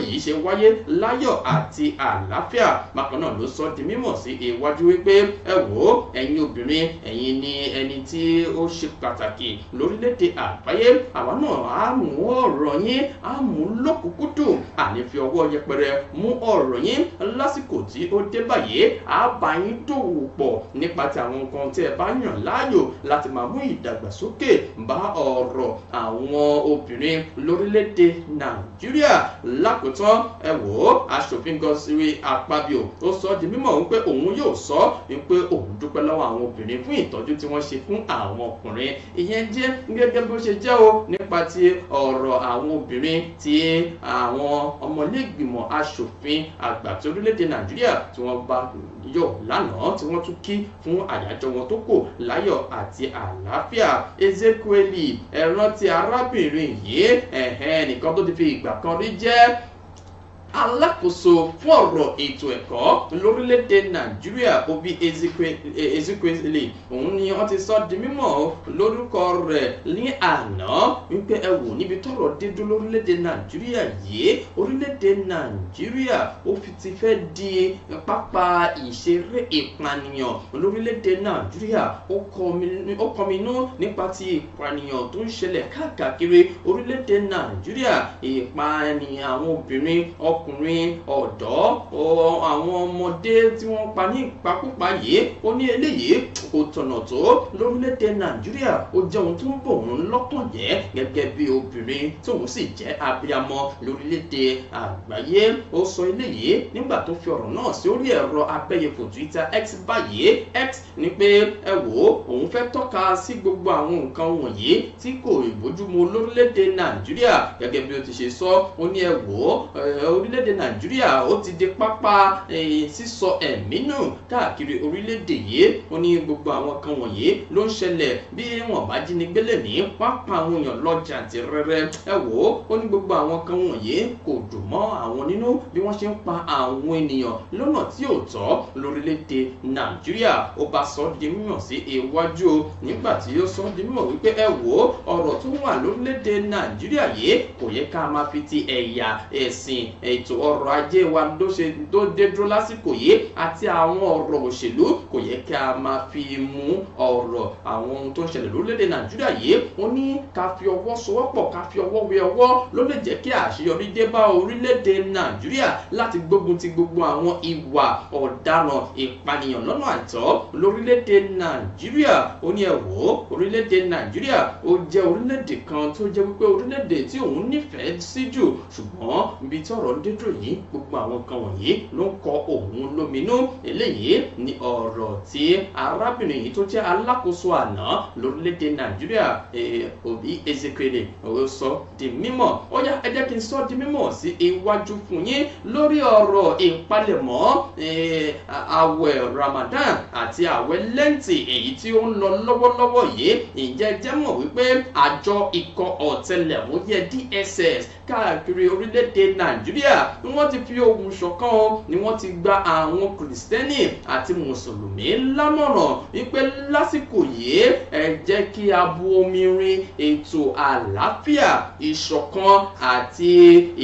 yìí ṣe wáyé láyọ̀ àti àlàáfíà bákan náà ló sọ di mímọ̀ sí iwájú wípé ẹ wò ó ẹ̀yin obìnrin ẹ̀yin ni ẹni tí ó ṣe pàtàkì lórílẹ̀ àgbáyé àwa náà á mú ọ̀rọ̀ yín á mú lọ́kùnkúndùn àní fi ọwọ́ yẹpẹrẹ mú ọ̀rọ̀ yín lásìkò tí ó dé báyìí á bá yín dòwò pọ̀ nípa ti àwọn nǹkan tí ẹ bá yàn láàyò láti máa mú ìdàgbàsókè bá ọ̀rọ̀ àwọn obìnrin lórílẹ̀‐èdè nàìjíríà lákòótán ẹ wò ó aṣòfin Godswill Akpabio ó sọ di mímọ̀ wípé òun yóò sọ wípé òun dúpẹ́ lọ́wọ́ àwọn obìnrin fún ìtọ́jú tí wọ́n ṣe fún àwọn ọkùnrin ìyẹn jẹ́ gẹ́gẹ́ bó ṣe jẹ́ o nípa ti ọ̀rọ̀ àwọn obìnrin ti àwọn ọmọlẹ́gbìmọ̀ aṣòfin àgbà torílẹ̀‐èdè nàìjíríà nàìjíríà tí wọ́n bá yọ lánàá tí wọ́n tún kí fún àyájọ́ wọn tó kù láyọ̀ àti àlàáfíà ezekweli ẹ̀rántí arábìnrin yìí ẹ̀hẹ́n nìkan tó ti fi ìgbà kan rí jẹ́ alákòóso fún ọ̀rọ̀ ètò ẹ̀kọ́ lórílẹ̀‐èdè nàìjíríà obi ezekwesili òun ni wọ́n ti sọ di mímọ̀ lórúkọ rẹ̀ ní àná wípé ẹ wò níbi tọ́rọ̀ dédú lórílẹ̀‐èdè nàìjíríà yìí orílẹ̀‐èdè nàìjíríà ó fi ti fẹ́ di pápá ìṣeré ìpànìyàn lórílẹ̀‐èdè nàìjíríà ó kọminú nípa ti ìpànìyàn tó ń ṣẹlẹ̀ káàkiri orílẹ̀‐èdè nàìjíríà ìpànìyàn àwọn obìnrin ọkùnrin ọkùnrin ọ̀dọ́ àwọn ọmọdé tí wọ́n pa ní ìpakúpa yìí ó ní eléyìí kò tọ̀nà tó lórílẹ̀‐èdè nàìjíríà ó jẹ́ ohun tó ń bọ̀ òun lọ́kàn jẹ́ gẹ́gẹ́ bí obìnrin tóun sì jẹ́ abiyamọ lórílẹ̀‐èdè àgbáyé ó sọ eléyìí nígbà tó fi ọ̀rọ̀ náà sí orí ẹ̀rọ abẹ́yẹfò twitter x báyìí x ni pé ẹ wò ó òun fẹ́ tọ́ka sí gbogbo àwọn nǹkan wọ̀nyí tí kò ìbójúmu lórílẹ̀‐èdè nàìjíríà gẹ́gẹ́ bí ó ti ṣe sọ ó ní ẹ wò ó orí orílẹ̀-èdè nàìjíríà ó ti di pápá sísọ ẹ̀mí nù káàkiri orílẹ̀-èdè yìí ó ní gbogbo àwọn kan wọ̀nyí ló ń ṣẹlẹ̀ bí wọn bá jí ní gbélé ní pápá àwọn èèyàn lọ́jà àti rẹ́rẹ́ ẹ wò ó ó ní gbogbo àwọn kan wọ̀nyí kò dùn mọ́ àwọn nínú bí wọ́n ṣe ń pa àwọn ènìyàn lọ́nà tí ò tọ́ lórílẹ̀-èdè nàìjíríà ó bá sọ di mímọ̀ sí iwájú o nígbà tí ó sọ di mímọ̀ wípé ẹ wò ó ọ̀rọ̀ tó wà lórílẹ̀-èdè nàìjíríà yìí kò yẹ ká máa fi ti ẹ̀yà ẹ̀sìn ẹ̀ ètò ọrọ̀ ajé wa tó dé dúró lásìkò yìí àti àwọn ọ̀rọ̀ òṣèlú kò yẹ kí a máa fi mú ọ̀rọ̀ àwọn ohun tó ń ṣẹlẹ̀ lórílẹ̀‐èdè nàìjíríà yìí ó ní ká fi ọwọ́ sowọ́pọ̀ ká fi ọwọ́ wé ọwọ́ ló lè jẹ́ kí àṣeyọrí dé bá orílẹ̀‐èdè nàìjíríà láti gbógun ti gbogbo àwọn ìwà ọ̀daràn ìpànìyàn lọ́nà àìtọ́ lórílẹ̀‐èdè nàìjíríà ó ní ẹ wò ó orílẹ̀‐èdè nàìjíríà ó jẹ́ orílẹ̀‐èdè kan tó jẹ́ wípé orílẹ̀‐èdè tí òun nífẹ̀ẹ́ sí jù ṣùgbọ́n ibi tí ọ̀rọ̀ dé dídùn yìí gbogbo àwọn nǹkan wọ̀nyí ló ń kọ òun lóminú eléyìí ni ọ̀rọ̀ tí arábìnrin yìí tó jẹ́ alákòóso àná lórílẹ̀‐èdè nàìjíríà e, Obi Ezekwele ó sọ di mímọ̀ ó yá ẹ jẹ́ kí n sọ di mímọ̀ sí iwájú fún yín lórí ọ̀rọ̀ ìpalẹ̀mọ́ e, àwẹ̀ Ramadan àti àwẹ̀ lẹ́ǹtì èyí tí ó ń lọ lọ́wọ́lọ́wọ́ yìí ìjẹ́jẹ́ mọ̀ wípé àjọ ikọ̀ ọ̀tẹlẹ̀múyẹ́ DSS káàkiri orílẹ̀-èdè nàìjíríà ni wọ́n ti fi ohùn ṣọ̀kan ni wọ́n ti gba àwọn kìrìsìtẹ́nì àti mùsùlùmí lámọ̀ràn wípé lásìkò yìí ẹ jẹ́ kí a bu omi rin ètò àlàáfíà ìṣọ̀kan àti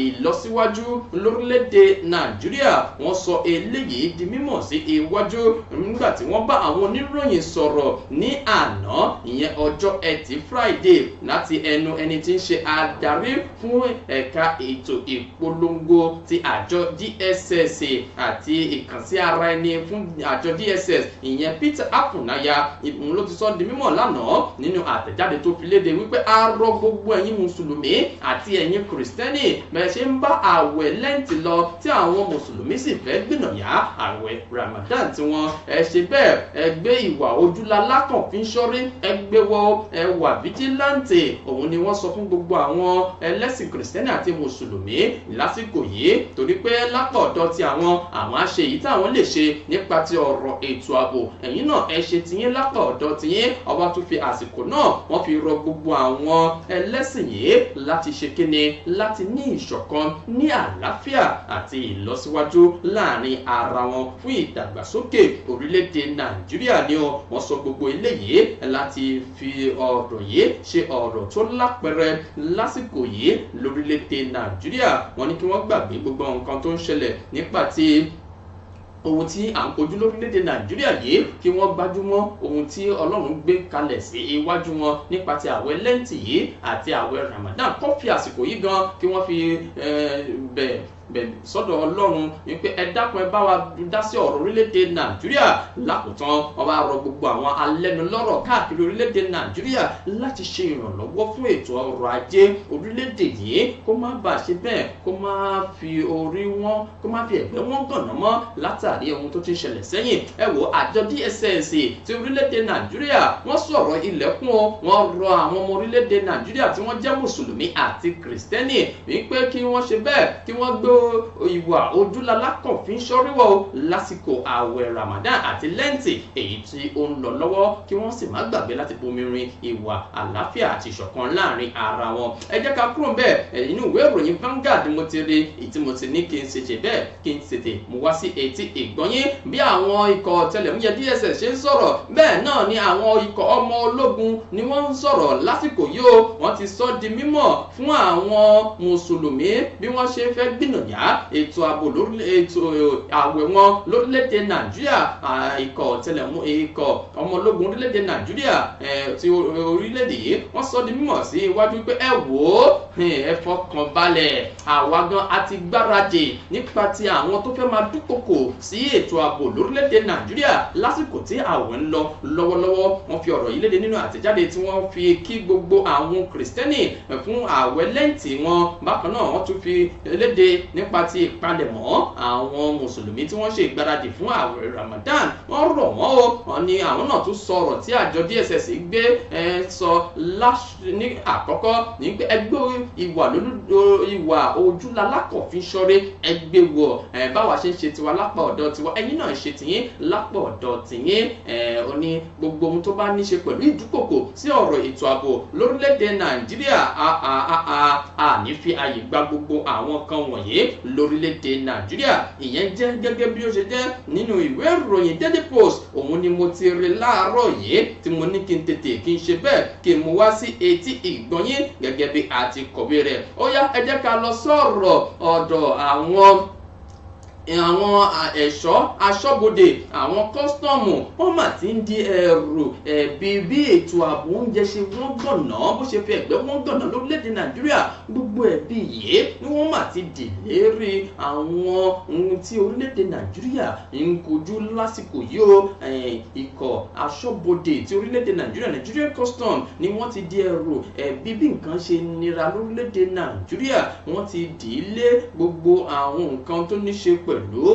ìlọsíwájú lórílẹ̀-èdè nàìjíríà wọ́n sọ eléyìí di mímọ̀ sí iwájú nígbà tí wọ́n bá àwọn oníròyìn sọ̀rọ̀ ní àná ìyẹn ọjọ́ ẹtì friday láti ẹnu ẹni tí ń ṣe adarí fún ẹ ẹ̀ka ètò ìpolongo ti àjọ DSS àti ìkànsí ara ẹni fún àjọ DSS ìyẹn Peter Afunaya ìbùn ló ti sọ di mímọ̀ lánàá nínú àtẹ̀jáde tó fi léde wípé a rọ gbogbo ẹ̀yin mùsùlùmí àti ẹ̀yin kìrìsìtẹ́nì bẹ́ẹ̀ ṣe ń bá àwẹ̀ lẹ́ǹtì lọ tí àwọn mùsùlùmí sì fẹ́ gbìnàyà àwẹ̀ Ramadan tí wọ́n ẹ ṣe bẹ́ẹ̀ ẹ gbé ìwà ojúlalá kàn fi ń ṣọ́rí ẹ gbé wọ ẹ wà fíjìláǹtì òun ni wọ́n sọ fún gbogbo àwọn ẹlẹ́sìn kìrìsìtẹ́nì kristẹni àti mùsùlùmí lásìkò yìí torí pé lápọ̀ ọ̀dọ̀ ti àwọn àwọn àṣe yìí táwọn lè ṣe nípa ti ọ̀rọ̀ ètò ààbò ẹ̀yin náà ẹ ṣe tiyín lápọ̀ ọ̀dọ̀ tiyín ọba tún fi àsìkò náà wọ́n fi rọ gbogbo àwọn ẹlẹ́sìn yìí láti ṣe kíni láti ní ìṣọ̀kan ní àlàáfíà àti ìlọsíwájú láàrin ara wọn fún ìdàgbàsókè orílẹ̀-èdè nàìjíríà ni wọ́n sọ gbogbo eléyìí láti fi ọ̀rọ̀ yìí ṣe ọ̀rọ̀ tó lápẹẹrẹ lásìkò yìí lórílẹ̀ orílẹ̀-èdè nàìjíríà wọ́n ní kí wọ́n gbàgbé gbogbo nǹkan tó ń ṣẹlẹ̀ nípa ti ohun tí à ń kojú lórílẹ̀‐èdè nàìjíríà yìí kí wọ́n gbájúmọ́ ohun tí ọlọ́run gbé kalẹ̀ sí iwájú wọn nípa ti àwẹ̀ lẹ́ǹtì yìí àti àwẹ̀ ramadan kó fi àsìkò yìí gan kí wọ́n fi eh, bẹ̀ẹ̀ sọ́dọ̀ ọlọ́run wípé ẹ dákun ẹ bá wa dá sí ọ̀rọ̀ orílẹ̀-èdè nàìjíríà lákòótán ọba rọ gbogbo àwọn alẹ́nulọ́rọ̀ káàkiri orílẹ̀-èdè nàìjíríà láti ṣe ìrànlọ́wọ́ fún ètò ọrọ̀ ajé orílẹ̀ yìí kó má bàa ṣe bẹ́ẹ̀ kó má fi orí wọn kó má fi ẹ̀gbẹ́ wọn gànà mọ́ látàrí ohun tó ti ṣẹlẹ̀ sẹ́yìn ẹ wo àjọ DSS ti orílẹ̀-èdè nàìjíríà wọ́n sọrọ ilẹ̀kùn o wọ́n rọ àwọn ọmọ orílẹ̀-èdè nàìjíríà tí wọ́n jẹ́ mùsùlùmí àti kìrìsìtẹ́nì wípé kí wọ́n ṣe bẹ́ẹ̀ kí wọ́n gbé ìwà ojúlala kàn fi ń ṣọ́ríwọ̀ lásìkò ààwẹ̀ Ramadan àti lẹ́ǹtì èyí tí ó ń lọ lọ́wọ́ kí wọ́n sì má gbàgbé láti bomi rin ìwà àlàáfíà àti ìṣọ̀kan láàrin ara wọn ẹ jẹ́ ká kúrò bẹ́ẹ̀ inú ìwé ìròyìn Vanguard mo ti rí ìtí mo ti ní kí n ṣe ṣe bẹ́ẹ̀ kí n tètè mo wá sí etí ìgbọ́nyín bí àwọn ikọ̀ tẹlẹ̀múyẹ́ DSS ṣe ń sọ̀rọ̀ bẹ́ẹ̀ náà ni àwọn ikọ̀ ọmọ ológun ni wọ́n ń sọ̀rọ̀ lásìkò yìí o wọ́n ti sọ di mímọ̀ fún àwọn mùsùlùmí bí wọ́n ṣe fẹ́ gbìnà ọ̀yá ètò ààbò ètò ààwẹ̀ wọn lórílẹ̀‐èdè nàìjíríà ikọ̀ tẹlẹ̀mú ikọ̀ ọmọ ológun orílẹ̀‐èdè nàìjíríà ti orílẹ̀‐èdè yìí wọ́n sọ di mímọ̀ sí iwájú pé ẹ wò ó ẹ fọkàn balẹ̀ àwa gan a ti gbáradì nípa ti àwọn tó fẹ́ máa dúkokò sí ètò ààbò lórílẹ̀‐èdè nàìjíríà lásìkò tí ààwẹ̀ ń lọ lọ́wọ́lọ́wọ́ wọ́n fi ọ̀rọ̀ yìí léde nínú àtẹ̀jáde tí wọ́n fi kí gbogbo àwọn kìrìsìtẹ́nì fún ààwẹ̀ lẹ́ǹtì wọn bákan náà wọ́n tún fi léde nípa ti ìpalẹ̀mọ́ àwọn mùsùlùmí tí wọ́n ṣe ìgbáradì fún ààwẹ̀ Ramadan wọ́n rọ̀ wọ́n o wọ́n ní àwọn náà tún sọ̀rọ̀ tí àjọ DSS gbé sọ ní àkọ́kọ́ ní ẹgbẹ́ ìwà ojúlá lákọ̀fin ṣọ́rẹ́ ẹgbẹ́ wọ̀ báwa ṣe ń ṣe tiwa lápá ọ̀dọ̀ tiwa ẹ̀yin náà ń ṣe tiyín lápá ọ̀dọ̀ tiyín ó ní gbogbo ohun tó bá ní ṣe pẹ̀lú ìdúkòkò sí ọ̀rọ̀ ètò ààbò lórílẹ̀ Nàìjíríà àní fi àyè gba gbogbo àwọn kan wọ̀nyí lórílẹ̀‐èdè nàìjíríà ìyẹn jẹ́ gẹ́gẹ́ bí ó ṣe jẹ́ nínú ìwé ìròyìn daily post òun ni mo ti rí láàárọ̀ yìí tí mo ní kí n tètè kí n ṣe bẹ́ẹ̀ kí n mú wá sí etí ìgbọ̀nyín gẹ́gẹ́ bí a ti kọ̀wé rẹ̀ ó yá ẹ jẹ́ ká lọ sọ̀rọ̀ ọ̀dọ̀ àwọn àwọn ẹ̀ṣọ́ aṣọ́bodè àwọn kọ́sítọ́ọ̀mù wọ́n mà ti ń di ẹ̀rù ẹ̀bí bí ètò ààbò oúnjẹ ṣe wọ́n gbọ̀nà bó ṣe fi ẹ̀gbẹ́ wọ́n gbọ̀nà lórílẹ̀‐èdè nàìjíríà gbogbo ẹ̀bí yìí ni wọ́n mà ti dì lérí àwọn ohun tí orílẹ̀‐èdè nàìjíríà ń kojú lásìkò yìí o ikọ̀ aṣọ́bodè ti orílẹ̀‐èdè nàìjíríà Nigerian custom ni wọ́n ti di ẹ̀rù ẹ̀bí bí nǹkan ṣe nira lórílẹ̀‐èdè nàìjíríà wọ́n ti dì í lé gbogbo àwọn nǹkan tó ní ìlú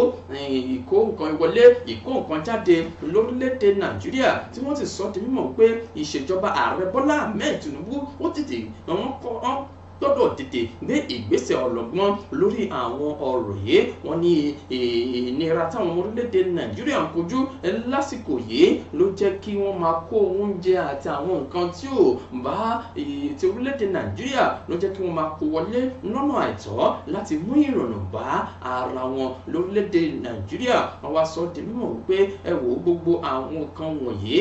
ìkó nǹkan wọlé ìkó nǹkan jáde lórílẹ̀‐èdè nàìjíríà tí wọ́n ti sọ di mímọ̀ pé ìṣèjọba ààrẹ bọ́lá ahmed tinubu ó tètè wọ́n gbọ́dọ̀ tètè gbé ìgbésẹ̀ ọlọ́gbọ́n lórí àwọn ọ̀rọ̀ yìí wọ́n ní ìnira táwọn orílẹ̀-èdè nàìjíríà ń kojú lásìkò yìí ló jẹ́ kí wọ́n máa kó oúnjẹ àti àwọn nǹkan tí ò bá ti orílẹ̀-èdè nàìjíríà ló jẹ́ kí wọ́n máa kó wọlé lọ́nà àìtọ́ láti mú ìrọ̀nà bá ara wọn lórílẹ̀-èdè nàìjíríà wọ́n wá sọ di mímọ̀ wípé ẹ wò gbogbo àwọn nǹkan wọ̀nyí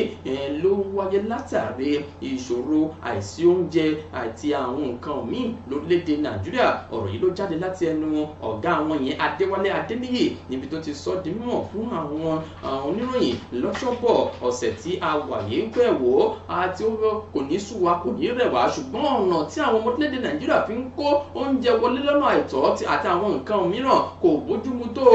ló wáyé látàrí ìṣòro àìsí oúnjẹ àti àwọn nǹkan míì lórílẹ̀‐èdè nàìjíríà ọ̀rọ̀ yìí ló jáde láti ẹnu ọ̀gá àwọn yẹn adéwálé adéníyè níbi tó ti sọ di mímọ̀ fún àwọn oníròyìn lọ́sọ̀bọ̀ ọ̀sẹ̀ tí a wà yìí pẹ̀ wò àti kò ní sú wa kò ní rẹ̀ wá ṣùgbọ́n ọ̀nà tí àwọn ọmọ orílẹ̀‐èdè nàìjíríà fi ń kó oúnjẹ wọlé lọ́nà àìtọ́ àti àwọn nǹkan mìíràn kò bójúmu tó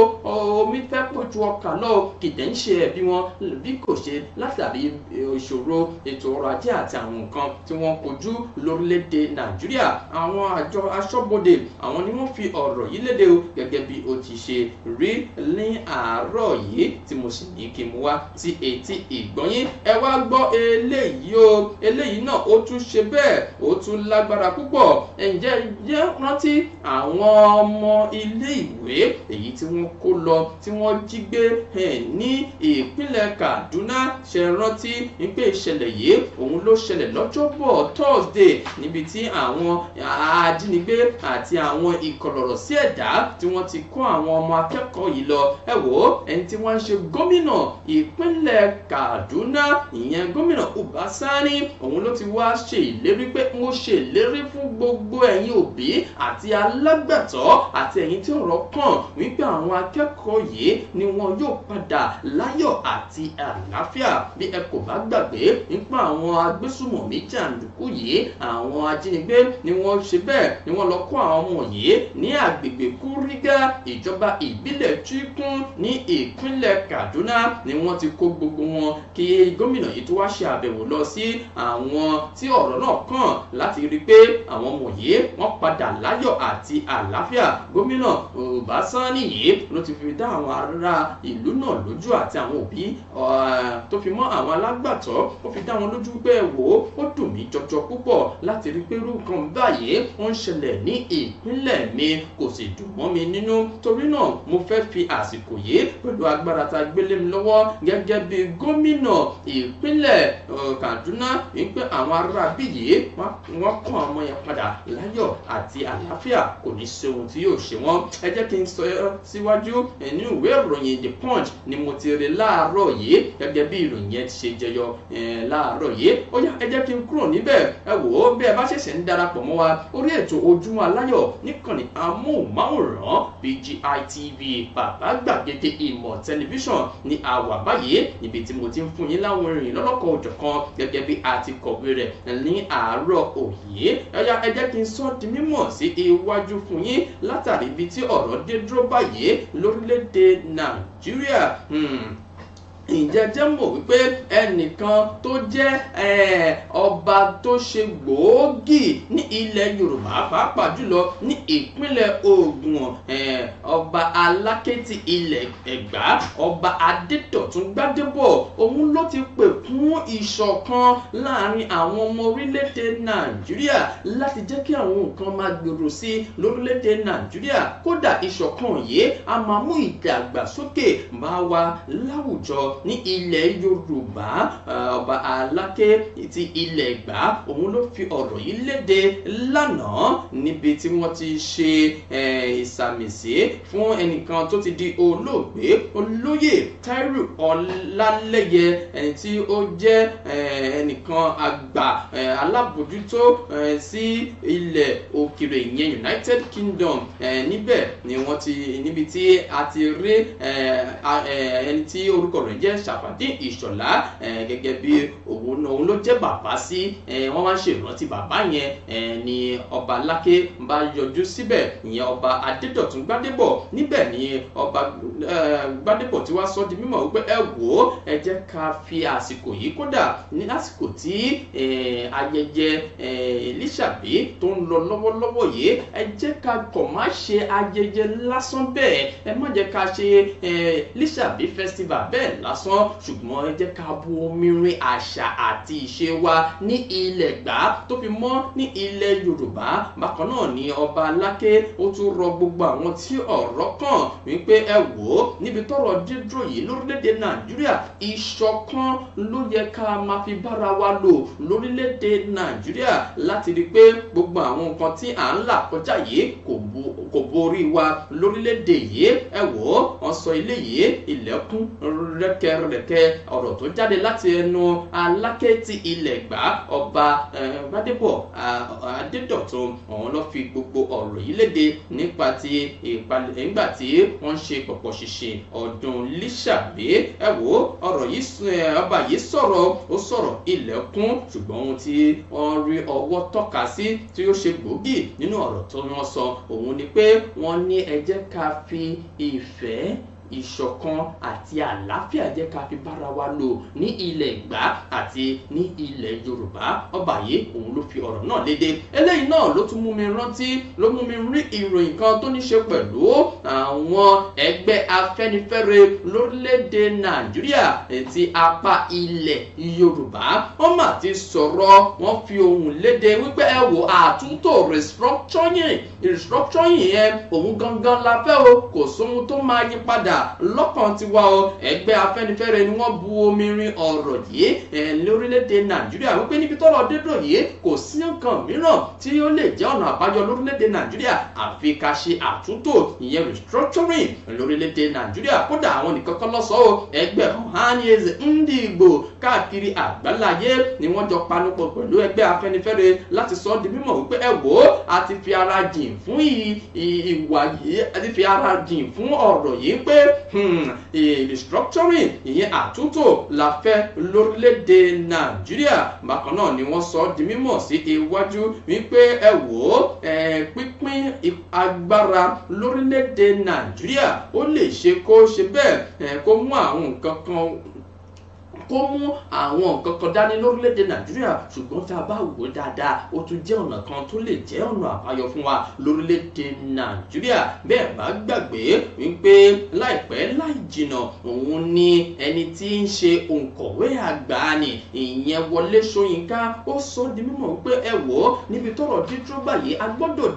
omi fẹ́ pọ̀ ju ọkà lọ kìdẹ̀ ń ṣe ẹ̀bi wọn bí kò ṣe látàrí e, ìṣòro ètò ọrọ̀ ajé àti àwọn nǹkan tí wọ́n kojú lórílẹ̀ nàìjíríà àwọn àjọ aṣọ́bodè àwọn ni wọ́n fi ọ̀rọ̀ yìí léde o gẹ́gẹ́ bí o ti ṣe rí ní àárọ̀ yìí tí mo sì ní kí n wá sí etí ìgbọ́yín ẹ wá gbọ́ eléyìí o eléyìí náà ó tún ṣe bẹ́ẹ̀ ó tún lágbára púpọ̀ ǹjẹ́ jẹ́ rántí àwọn ọmọ ilé ìwé èyí tí wọ́n kó lọ tí wọ́n jí gbé ní ìpínlẹ̀ Kaduna ṣe rántí wípé ìṣẹ̀lẹ̀ yìí òun ló ṣẹlẹ̀ lọ́jọ́bọ̀ Thursday níbi tí àwọn ajínigbé àti àwọn ìkọlọ̀rọ̀ sí ẹ̀dá tí wọ́n ti kó àwọn ọmọ akẹ́kọ̀ọ́ yìí lọ ẹ wò ó ẹni tí wọ́n ń ṣe gómìnà ìpínlẹ̀ Kaduna ìyẹn gómìnà Uba Sani òun ló ti wá ṣe ìlérí pé mo ṣe ìlérí fún gbogbo ẹ̀yin òbí àti alágbàtọ́ àti ẹ̀yin tí ọ̀rọ̀ kàn wípé àwọn akẹ́kọ̀ọ́ yìí ni wọn yóò padà láyọ̀ àti àlàáfíà bí ẹ kò bá gbàgbé nípa àwọn agbésùmọ̀mí jàǹdùkú yìí àwọn ajínigbé ni wọ́n ṣe bẹ́ẹ̀ ni wọ́n lọ kó àwọn ọmọ yìí ní agbègbè kúrígá ìjọba ìbílẹ̀ Chikun ní ìpínlẹ̀ Kaduna ni wọ́n ti kó gbogbo wọn kí gómìnà yìí tó wá ṣe àbẹ̀wò lọ sí àwọn tí ọ̀rọ̀ náà kàn láti rí i pé àwọn ọmọ yìí wọ́n padà láyọ̀ àti àlàáfíà gómìnà Ọbásanì yìí ló ti fi dá àwọn ará ìlú náà lójú àti àwọn òbí tó fi mọ́ àwọn alágbàtọ́ ó fi dá wọn lójú pé ẹ wò ó dùn mí jọjọ púpọ̀ láti rí i pé irú báyìí báyìí ó ń ṣẹlẹ̀ ní ìpínlẹ̀ mi kò sì dùn mọ́ mi nínú torí náà mo fẹ́ fi àsìkò yìí pẹ̀lú agbára ta gbélé mi lọ́wọ́ gẹ́gẹ́ bí gómìnà ìpínlẹ̀ Kaduna wípé àwọn ará bí yìí wọ́n kàn ọmọ yẹn padà láyọ̀ àti àlàáfíà kò ní ṣe ohun tí yóò ṣe wọ́n ẹ jẹ́ kí n sọ ẹ síwájú ní ìwé ìròyìn The Punch ni mo ti rí láàárọ̀ yìí gẹ́gẹ́ bí ìròyìn yẹn ti ṣe jẹyọ láàárọ̀ yìí ó yá ẹ jẹ́ kí n kúrò níbẹ̀ ẹ wò ó bí ẹ bá ṣẹ̀ṣẹ̀ ń darapọ̀ mọ́ wa orí ètò ojúmọ́ aláyọ̀ níkànnì amóhùnmáwòrán BGI TV bàbá gbàgede ìmọ̀ tẹlifíṣàn ni a wà báyìí níbi tí mo ti ń fún yín láwọn ìrìn lọ́lọ́kọ̀ òjọ̀kan gẹ́gẹ́ bí a ti kọ̀wé rẹ̀ ní àárọ̀ òye ẹ̀yà ẹ jẹ́ kí n sọ di mímọ̀ sí iwájú fún yín látàrí ibi tí ọ̀rọ̀ dé dúró báyìí lórílẹ̀ ǹjẹ́ jẹ́ mọ̀ wípé ẹnìkan tó jẹ́ ọba tó ṣe gbòógì ní ilẹ̀ Yorùbá pàápàá jùlọ ní ìpínlẹ̀ Ògùn ọba Aláké ti ilẹ̀ Ẹ̀gbá ọba Adédọ̀tún òun ló ti pè fún ìṣọ̀kan láàrin àwọn ọmọ orílẹ̀-èdè Nàìjíríà láti jẹ́ kí àwọn nǹkan máa gbèrò sí lórílẹ̀-èdè Nàìjíríà kódà ìṣọ̀kan yìí a máa mú ìdàgbàsókè máa wà láwùjọ ní ilẹ̀ yorùbá eh, ọba aláké ti ilẹ̀ ẹ̀gbá òun ló fi ọ̀rọ̀ yìí léde lánàá níbi tí wọ́n ti ṣe eh, ìsàmìsí fún ẹnìkan tó ti di olóògbé olóyè tairu ọlálẹ́yẹ ẹni tí ó jẹ́ eh, ẹnìkan àgbà alábòjútó sí ilẹ̀ òkèrè ìyẹn united kingdom níbẹ̀ ni wọ́n ti níbi tí a ti rí ẹni tí orúkọ rẹ̀ jẹ́ jẹ́ Ṣàfàdí Ìṣọ̀lá gẹ́gẹ́ bí òun ló jẹ́ bàbá sí wọ́n máa ń ṣe ìrántí bàbá yẹn ni ọba lákè bá yọjú síbẹ̀ ìyẹn ọba Adédọ̀tún Gbádébọ̀ níbẹ̀ ni ọba Gbádébọ̀ tí wàá sọ di mímọ̀ wípé ẹ wò ó ẹ jẹ́ ká fi àsìkò yìí kódà ní àsìkò tí ayẹyẹ Lísàbí tó ń lọ lọ́wọ́lọ́wọ́ yìí ẹ jẹ́ ká kọ̀ má ṣe ayẹyẹ lásán bẹ́ẹ̀ ẹ má jẹ́ ká ṣe Lísàbí festival bẹ́ẹ̀ lásán lásán ṣùgbọ́n ẹ jẹ́ ká bu omi rin àṣà àti ìṣe wa ní ilẹ̀ gbà tó fi mọ́ ní ilẹ̀ Yorùbá bákan náà ni ọba aláké ó tún rọ gbogbo àwọn tí ọ̀rọ̀ kàn wípé ẹ wò ó níbi tọ́rọ̀ dídúró yìí lórílẹ̀‐èdè Nàìjíríà ìṣọ̀kan ló yẹ ká máa fi bára wa lò lórílẹ̀‐èdè Nàìjíríà láti rí pé gbogbo àwọn nǹkan tí à ń là kọjá yìí kò borí wa lórílẹ̀‐èdè yìí ẹ wò ó wọn ilé yìí ilẹ̀kùn rẹ̀kẹ̀ rẹ̀kẹrẹ̀kẹ ọ̀rọ̀ tó jáde láti ẹnu aláké ti ilẹ̀ gbà ọba gbadébọ̀ eh, ah, adédọ̀tun ọ̀hún ló fi gbogbo ọ̀rọ̀ yìí léde nípa ti ìpalẹ̀ nígbà tí wọ́n ń ṣe pọ̀pọ̀ ṣìṣe ọdún lísàbí ẹ wo ọ̀rọ̀ yìí eh, ọba yìí sọ̀rọ̀ ó sọ̀rọ̀ ilẹ̀kùn ṣùgbọ́n ohun tí wọ́n rí ọwọ́ tọ́ka sí tí ó ṣe gbòógì nínú ọ̀rọ̀ tó wọ́n sọ òun ni pé wọ́n ní ẹ jẹ́ ká fi ìfẹ́ ìṣọ̀kan àti àlàáfíà jẹ́ ká fi bára wa lò ní ilẹ̀ ìgbà àti ní ilẹ̀ yorùbá ọba yìí òun ló fi ọ̀rọ̀ náà léde eléyìí náà ló tún mú mi rántí ló mú mi rí ìròyìn kan tó ní ṣe pẹ̀lú àwọn ẹgbẹ́ afẹ́nifẹ́re lórílẹ̀‐èdè nàìjíríà ti apá ilẹ̀ yorùbá wọ́n mà ti sọ̀rọ̀ wọ́n fi ohun léde wípé ẹ wò àtúntò restructuring restructuring yẹn òun gangan la fẹ́ o kò sóhun tó máa yí padà lọ́kàn tiwa o ẹgbẹ́ afẹ́nifẹ́re ni wọ́n bu omi rin ọ̀rọ̀ yìí lórílẹ̀‐èdè nàìjíríà wípé níbi tọ́lọ̀ dédò yìí kò sí nǹkan mìíràn tí ó lè jẹ́ ọ̀nà àbájọ lórílẹ̀‐èdè nàìjíríà àfi ká ṣe àtúntò ìyẹn restructuring lórílẹ̀‐èdè nàìjíríà kódà àwọn nìkan kọ́ lọ́sọ̀ọ́ ẹgbẹ́ Ohanaeze Ndigbo káàkiri àgbáláyé ni wọ́n jọ panupọ̀ pẹ̀lú ẹgbẹ́ afẹ́nifẹ́re láti sọ ọ́ di mímọ̀ wípé ẹ wò ó àti fi ara jìn fún ìwà yìí àti fi ara jìn fún ọ̀rọ̀ yìí pé hmm, restructuring ìyẹn àtúntò la fẹ́ lórílẹ̀‐èdè nàìjíríà bákan náà ni wọ́n sọ ọ́ di mímọ̀ sí iwájú wípé ẹ wò ó pínpín agbára lórílẹ̀‐èdè nàìjíríà ó lè ṣe kó ṣe bẹ́ẹ̀ kó mú àwọn nǹkan kan kó mú àwọn nǹkan kan dání lórílẹ̀‐èdè nàìjíríà ṣùgbọ́n tá a bá wò ó dáadáa ó tún jẹ́ ọ̀nà kan tó lè jẹ́ ọ̀nà àbáyọ fún wa lórílẹ̀‐èdè nàìjíríà bẹ́ẹ̀ bá gbàgbé wípé láìpẹ́ láì jìnà òun ni ẹni tí ń ṣe òǹkọ̀wé àgbà ni ìyẹn wọlé ṣóyínká ó sọ di mímọ̀ wípé ẹ wò ó níbi tọ́rọ̀ dídúró gbàyè a gbọ́dọ̀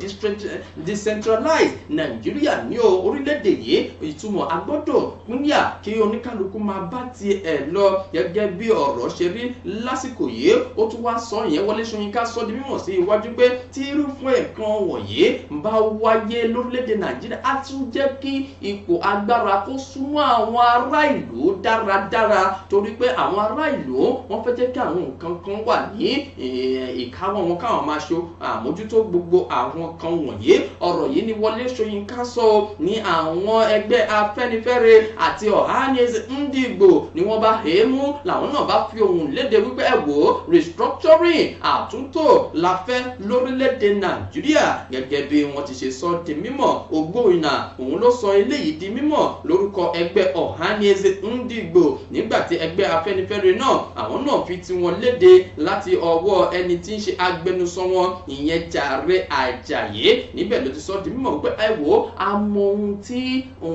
decentralize nàìjíríà ní orílẹ̀-èdè yìí ìtumọ̀ a gbọ́dọ̀ kúnyà kí oníkálukú máa bá tiẹ̀ lọ gẹ́gẹ́ bí ọ̀rọ̀ ṣe rí lásìkò yìí ó tún wá sọ yẹn Wọlé Ṣóyínká sọ di mímọ̀ sí iwájú pé tí irúfẹ́ nǹkan wọ̀nyí bá wáyé lórílẹ̀‐èdè Nàìjíríà á tún jẹ́ kí ipò agbára kó súnmọ́ àwọn ará ìlú dáradára torí pé àwọn ará ìlú wọ́n fẹ́ jẹ́ kí àwọn nǹkan kan wà ní eh, ìkáwọ́ wọn káwọn máa ṣe àmójútó gbogbo àwọn kan wọ̀nyí ọ̀rọ̀ yìí ni Wọlé Ṣóyínká sọ ní àwọn ẹgbẹ́ Afẹ́nifẹ́re àti Ọ̀hánẹ́sì Ndigbo ni wọ́n bá hẹ́ẹ́ mú ọdún làwọn náà bá fi ohùn léde wípé ẹ wò ó restructuring àtúntò la fẹ́ lórílẹ̀‐èdè nàìjíríà gẹ́gẹ́ bí wọ́n ti ṣe sọ di mímọ̀ Ogboina òun ló sọ eléyìí di mímọ̀ lórúkọ ẹgbẹ́ Ohanaeze Ndigbo nígbà tí ẹgbẹ́ afẹ́nifẹ́re náà àwọn náà fi tiwọn léde láti ọwọ́ ẹni tí ń ṣe agbẹnusọ wọn ìyẹn Jàre Àjàyí níbẹ̀ ló ti sọ di mímọ̀ pé ẹ wò ó a mọ ohun tí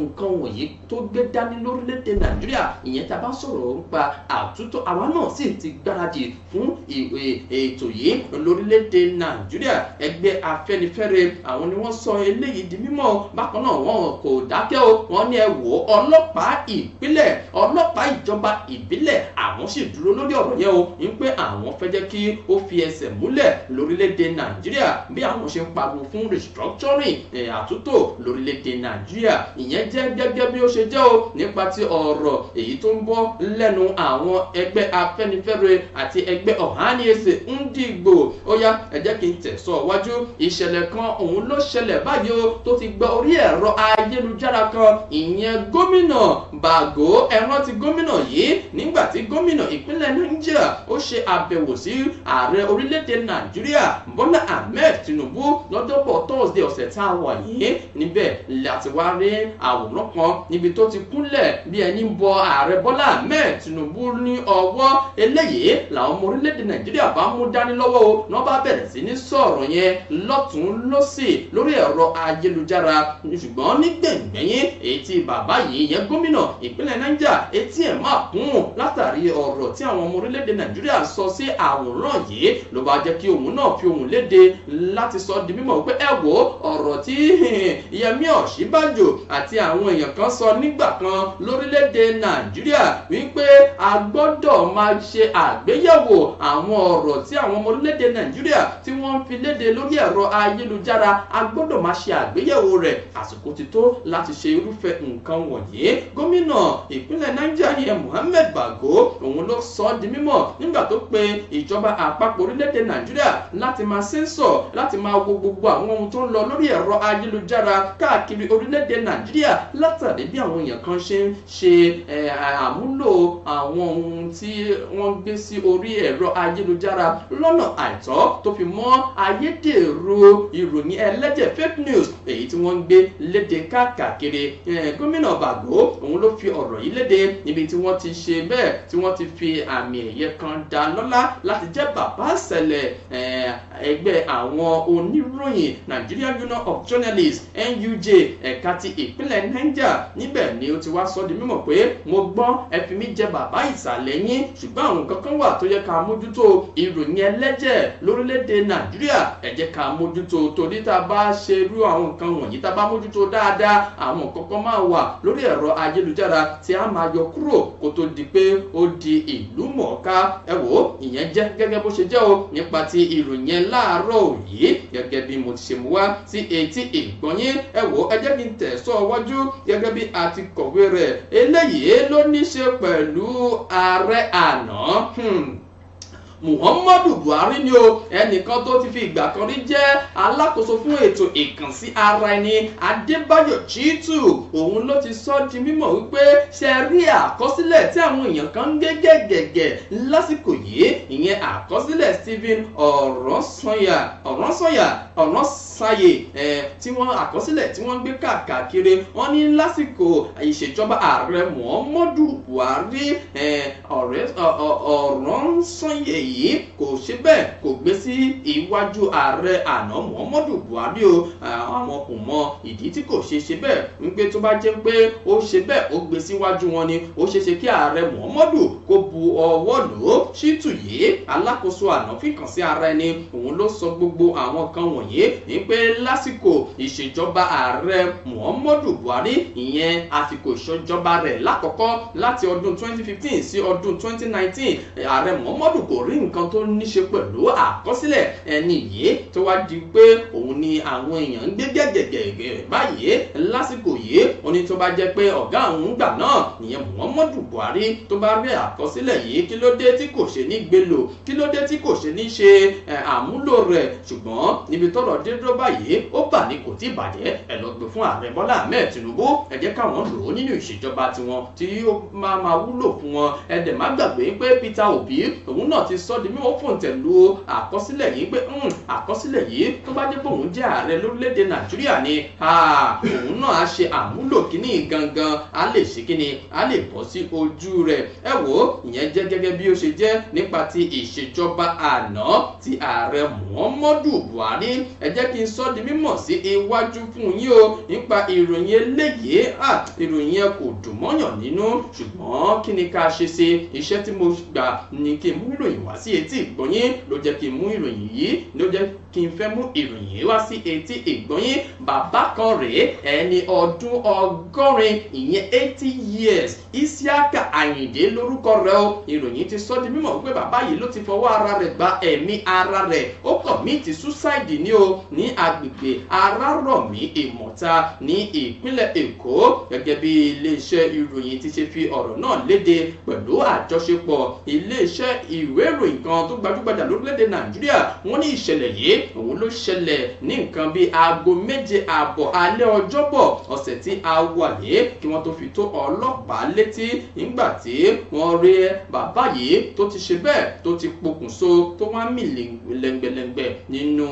nǹkan wọ̀nyí tó gbé dání lórílẹ̀‐èdè nàìjíríà ìyẹn tá bá sọ̀rọ̀ nípa àtúntò àwa náà sì ti gbáradì fún ètò yìí lórílẹ̀‐èdè nàìjíríà ẹgbẹ́ afẹ́nifẹ́re àwọn ni wọ́n sọ eléyìí di mímọ̀ bákan náà wọn kò dákẹ́ o wọ́n ní ẹ wò ó ọlọ́pàá ìpínlẹ̀ ọlọ́pàá ìjọba ìbílẹ̀ àwọn sì dúró lórí ọ̀rọ̀ yẹn o ń pé àwọn fẹ́ jẹ́ kí ó fi ẹsẹ̀ múlẹ̀ lórílẹ̀‐èdè nàìjíríà bí àwọn ṣe ń pariwo fún restructuring àtúntò lórílẹ̀‐èdè nàìjíríà ìyẹn jẹ́ gẹ́gẹ́ bí ó ṣe jẹ́ o nípa ti ọ̀rọ̀ èyí tó ń bọ́ lẹ́nu àwọn àwọn ẹgbẹ́ afẹ́nifẹ́re àti ẹgbẹ́ ọ̀hánìyèsè ń dìgbò ó yá ẹ jẹ́ kí n tẹ̀sọ̀ wájú ìṣẹ̀lẹ̀ kan òun ló ṣẹlẹ̀ báyìí o tó ti gba orí ẹ̀rọ ayélujára kan ìyẹn gómìnà bàgó ẹran ti gómìnà yìí nígbà tí gómìnà ìpínlẹ̀ niger ó ṣe àbẹ̀wò sí ààrẹ orílẹ̀-èdè nàìjíríà bọ́lá ahmed tinubu lọ́jọ́bọ̀ thursday ọ̀sẹ̀ tá a wà yìí níbẹ̀ láti wá rí àwòrán kan níbi tó ti kúnlẹ̀ bí ẹni bọ ààrẹ bọ́lá ahmed tinubu ní ọwọ́ eléyìí làwọn ọmọ orílẹ̀-èdè nàìjíríà bá mú dání lọ́wọ́ o ní wọ́n bá bẹ̀rẹ̀ sí ní sọ̀rọ̀ yẹn lọ́tún lọ́sì lórí ẹ̀rọ ayélujára ṣùgbọ́n ní gbẹ̀ngbẹ̀yìn etí bàbá yìí yẹn gómìnà ìpínlẹ̀ niger etí ẹ̀ máa kún látàrí ọ̀rọ̀ tí àwọn ọmọ orílẹ̀-èdè nàìjíríà sọ sí àwòrán yìí ló bá jẹ́ kí òun náà fi òun léde láti sọ di mímọ̀ pé ẹ wo ọ̀rọ̀ tí [LAUGHS] yẹmí ọ̀ṣíbàjò àti àwọn èèyàn kan sọ nígbà kan lórílẹ̀-èdè nàìjíríà wípé a gbọ́dọ̀ máa ṣe àgbéyẹ̀wò àwọn ọ̀rọ̀ tí àwọn ọmọ orílẹ̀-èdè nàìjíríà tí wọ́n ń fi léde lórí ẹ̀rọ ayélujára a gbọ́dọ̀ máa ṣe àgbéyẹ̀wò rẹ̀ àsìkò ti tó láti ṣe irúfẹ́ nǹkan wọ̀nyí gómìnà ìpínlẹ̀ niger yẹn mohammed bago òun ló sọ ọ́ di mímọ̀ nígbà tó pe ìjọba àpapọ̀ orílẹ̀-èdè nàìjíríà láti máa sẹ́ńsọ̀ láti máa wo gbogbo àwọn ohun tó ń lọ lórí ẹ̀rọ ayélujára káàkiri orílẹ̀-èdè nàìjíríà látàrí bí àwọn èèyàn kan ṣe ń ṣe àmúlò àwọn ohun tí wọ́n gbé sí orí ẹ̀rọ ayélujára lọ́nà àìtọ́ tó fi mọ́ ayédèrú ìròyìn ẹlẹ́jẹ̀ fake news èyí tí wọ́n ń gbé léde káàkiri eh, gómìnà bàgó òun ló fi ọ̀rọ̀ yìí léde níbi tí wọ́n ti ṣe bẹ́ẹ̀ tí wọ́n ti fi àmì ẹ̀yẹ kan dá lọ́lá láti jẹ́ bàbá ṣẹlẹ̀ eh, ẹgbẹ́ àwọn oníròyìn Nigeria Union of Journalists NUJ ẹ̀ka ti ìpínlẹ̀ Niger níbẹ̀ ni ó ti wá sọ di mímọ̀ pé mo gbọ́ ẹ fi mí jẹ bàbá yìí ìsàlẹ̀ yín ṣùgbọ́n àwọn kankan wà tó yẹ ká mójútó ìròyìn ẹlẹ́jẹ̀ lórílẹ̀‐èdè nàìjíríà ẹ jẹ́ ká mójútó torí tá a bá ṣe irú àwọn nǹkan wọ̀nyí tá a bá mójútó dáadáa àwọn kankan máa wà lórí ẹ̀rọ ayélujára tí a máa yọ kúrò kó tó di pé ó di ìlú mọ̀ọ́ká ẹ wò ó ìyẹn jẹ́ gẹ́gẹ́ bó ṣe jẹ́ o nípa ti ìròyìn láàárọ̀ yìí gẹ́gẹ́ bí mo ti ṣe mú wá sí etí ìgbọ̀nyín ẹ wò ó ẹ jẹ́ kí n tẹ̀ sọ wájú gẹ́gẹ́ bí a ti kọ̀wé rẹ̀ eléyìí ló ní ṣe pẹ̀lú ààrẹ àná hmm. muhammadu buhari ni o ẹnìkan tó ti fi ìgbà kan rí jẹ́ alákòóso fún ètò ìkànsí ara ẹni adébáyọ̀ chítù òun ló ti sọ di mímọ̀ wípé ṣe rí àkọsílẹ̀ tí àwọn èèyàn kan ń gé gẹ̀gẹ̀gẹ̀ lásìkò yìí ìyẹn àkọsílẹ̀ stephen ọ̀rọ̀sọ̀yà ọ̀rọ̀sọ̀yà ọ̀rọ̀sọ̀yà sáyè tí wọ́n àkọsílẹ̀ tí wọ́n ń gbé káàkiri wọ́n ní lásìkò ìṣèjọba ààrẹ Muhammadu Buhari Ọ̀rànṣanyè yìí kò ṣe bẹ́ẹ̀ kò gbé sí iwájú ààrẹ àná Muhammadu Buhari o àwọn kò mọ ìdí tí kò ṣe ṣe bẹ́ẹ̀ ń pé tó bá jẹ́ pé ó ṣe bẹ́ẹ̀ ó gbé síwájú wọn ni ó ṣeéṣe kí ààrẹ Muhammadu kó bu ọwọ́ lò ó Ṣítù yìí alákòóso àná fìkànsí ara ẹni òun ló sọ gbogbo àwọn kan wọ̀nyí ní wípé lásìkò ìṣèjọba ààrẹ Muhammadu Buhari ìyẹn àsìkò ìṣèjọba rẹ̀ lákọ̀ọ́kọ́ láti ọdún 2015 sí ọdún 2019 ààrẹ Muhammadu kò rí nǹkan tó ní pẹ̀lú àkọsílẹ̀ ẹni yìí tó wá di pé òun ni àwọn èèyàn ń gbé gẹ́gẹ́gẹ́gẹ́ báyìí lásìkò yìí ó ní tó bá jẹ́ pé ọ̀gá òun gbà náà ìyẹn Muhammadu Buhari tó bá rí àkọsílẹ̀ yìí kí ló dé tí kò ṣe ní gbé lò kí ló dé tí kò ṣe ní ṣe àmúlò rẹ̀ ṣùgbọ́n níbi tọ́rọ̀ dídó báyìí ó bà ní kò tí bàjẹ́ ẹ lọ gbé fún ààrẹ bọ́lá ahmed tinubu ẹ jẹ́ káwọn lò ó nínú ìṣèjọba tiwọn tí ó máa máa wúlò fún wọn ẹ dẹ̀ má gbàgbé pé peter obi òun náà ti sọ di mímọ́ fòǹtẹ̀ lu àkọsílẹ̀ yìí pé hmm, àkọsílẹ̀ yìí tó bá dé bóun jẹ́ ààrẹ lórílẹ̀‐èdè nàìjíríà ni òun náà á ṣe àmúlò kíní gangan á lè ṣe kíní á lè bọ́ sí ojú rẹ̀ ẹ wò ìyẹn jẹ́ gẹ́gẹ́ bí ó ṣe jẹ́ nípa ti ìṣèjọba àná ti ààrẹ muhammadu buhari ẹ jẹ́ kí ń sọ di mímọ̀ sí iwájú fún yín o nípa ìròyìn eléyìí ìròyìn yẹn kò dùn mọ́yàn nínú ṣùgbọ́n kí ni ká ṣe ṣe iṣẹ́ tí mo gbà ni kí n mú ìròyìn wá sí etí ìgbọ́yín ló jẹ́ kí n mú ìròyìn yìí ló jẹ́ kí n fẹ́ mú ìròyìn wá sí etí ìgbọ́yín bàbá kan rèé ẹni ọdún ọgọ́rin ìyẹn eighty years Isiaka Àyìndé lórúkọ rẹ̀ o ìròyìn ti sọ di mímọ̀ wípé bàbá yìí ló ti fọwọ́ ara rẹ̀ gba ẹ̀mí ara rẹ̀ ó kọ̀ mí ti suicide ni o ní agbègbè arárọ̀mí ìmọ̀ta ní ìpínlẹ̀ èkó gẹ́gẹ́ bí iléeṣẹ́ ìròyìn ti ṣe fi ọ̀rọ̀ náà léde pẹ̀lú àjọṣepọ̀ iléeṣẹ́ ìwé ìròyìn kan tó gbajúgbajà lórílẹ̀‐èdè nàìjíríà wọ́n ní ìṣẹ̀lẹ̀ yìí òun ló ṣẹlẹ̀ ní nǹkan bíi aago méje ààbọ̀ alẹ́ ọjọ́bọ̀ ọ̀sẹ̀ tí a wà yìí kí wọ́n tó fi tó ọlọ́pàá létí nígbà tí wọ́n rí bàbá yìí tó ti ṣe bẹ́ẹ̀ tó ti pokùnso tó wá mì lẹ́ngbẹ̀lẹ́ngbẹ̀ nínú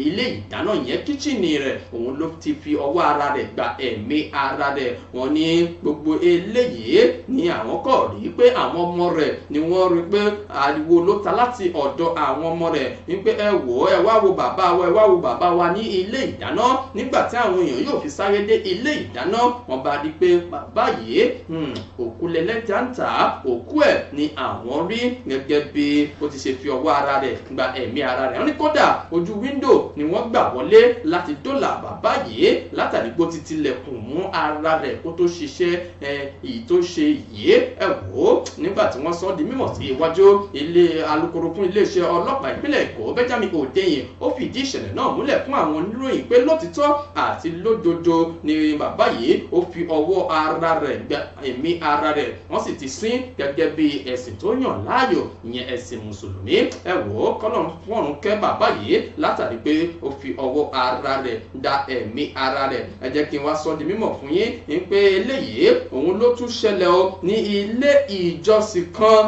ilé ilé ìdáná yẹn kíchìnì rẹ̀ òun ló ti fi ọwọ́ ara rẹ̀ gba ẹ̀mí ara rẹ̀ wọ́n ní gbogbo eléyìí ni àwọn kọ̀ rí pé àwọn ọmọ rẹ̀ ni wọ́n rí pé ariwo ló ta láti ọ̀dọ̀ àwọn ọmọ rẹ̀ wípé ẹ wò ó ẹ wá wo bàbá wa ẹ wá wo bàbá wa ní ilé ìdáná nígbà tí àwọn èèyàn yóò fi sáré dé ilé ìdáná wọ́n bá rí pé bàbá yìí hmm, òkú lẹ́lẹ́jà ń tà òkú ẹ̀ ni àwọn rí gẹ́gẹ́ bí ó ti ṣe fi ọwọ́ ara rẹ̀ gba ẹ̀mí ara rẹ̀ wọ́n ní kódà ojú wíńdò ni wọ́n gbà wọlé láti dọ́là bàbá yìí látàrí bó ti tilẹ̀kùn mú ara rẹ̀ kó tó ṣiṣẹ́ èyí tó ṣe yìí ẹ wò ó nígbà tí wọ́n sọ ọ́ di mímọ̀ sí iwájú ilé alukoro fún iléeṣẹ́ ọlọ́pàá ìpínlẹ̀ èkó benjamin odeyin ó fìdí ìṣẹ̀lẹ̀ náà múlẹ̀ fún àwọn oníròyìn pé lótìtọ́ àti lódodo ni bàbá yìí ó fi ọwọ́ ara rẹ̀ gba ẹ̀mí ara rẹ̀ wọ́n sì ti sín gẹ́gẹ́ bí ẹ̀sìn tó yàn láàyò ìyẹn ẹ̀sìn mùsùlùmí ẹ wò ó kọ́lọ́run kẹ́ bàbá yìí látàrí pé O fi ọwọ́ ara rẹ̀ da ẹ̀mí ara rẹ̀ ẹ jẹ́ kí n wá sọ di mímọ̀ fún yín ní pé eléyìí òun ló tún ṣẹlẹ̀ o ní ilé ìjọsìn kan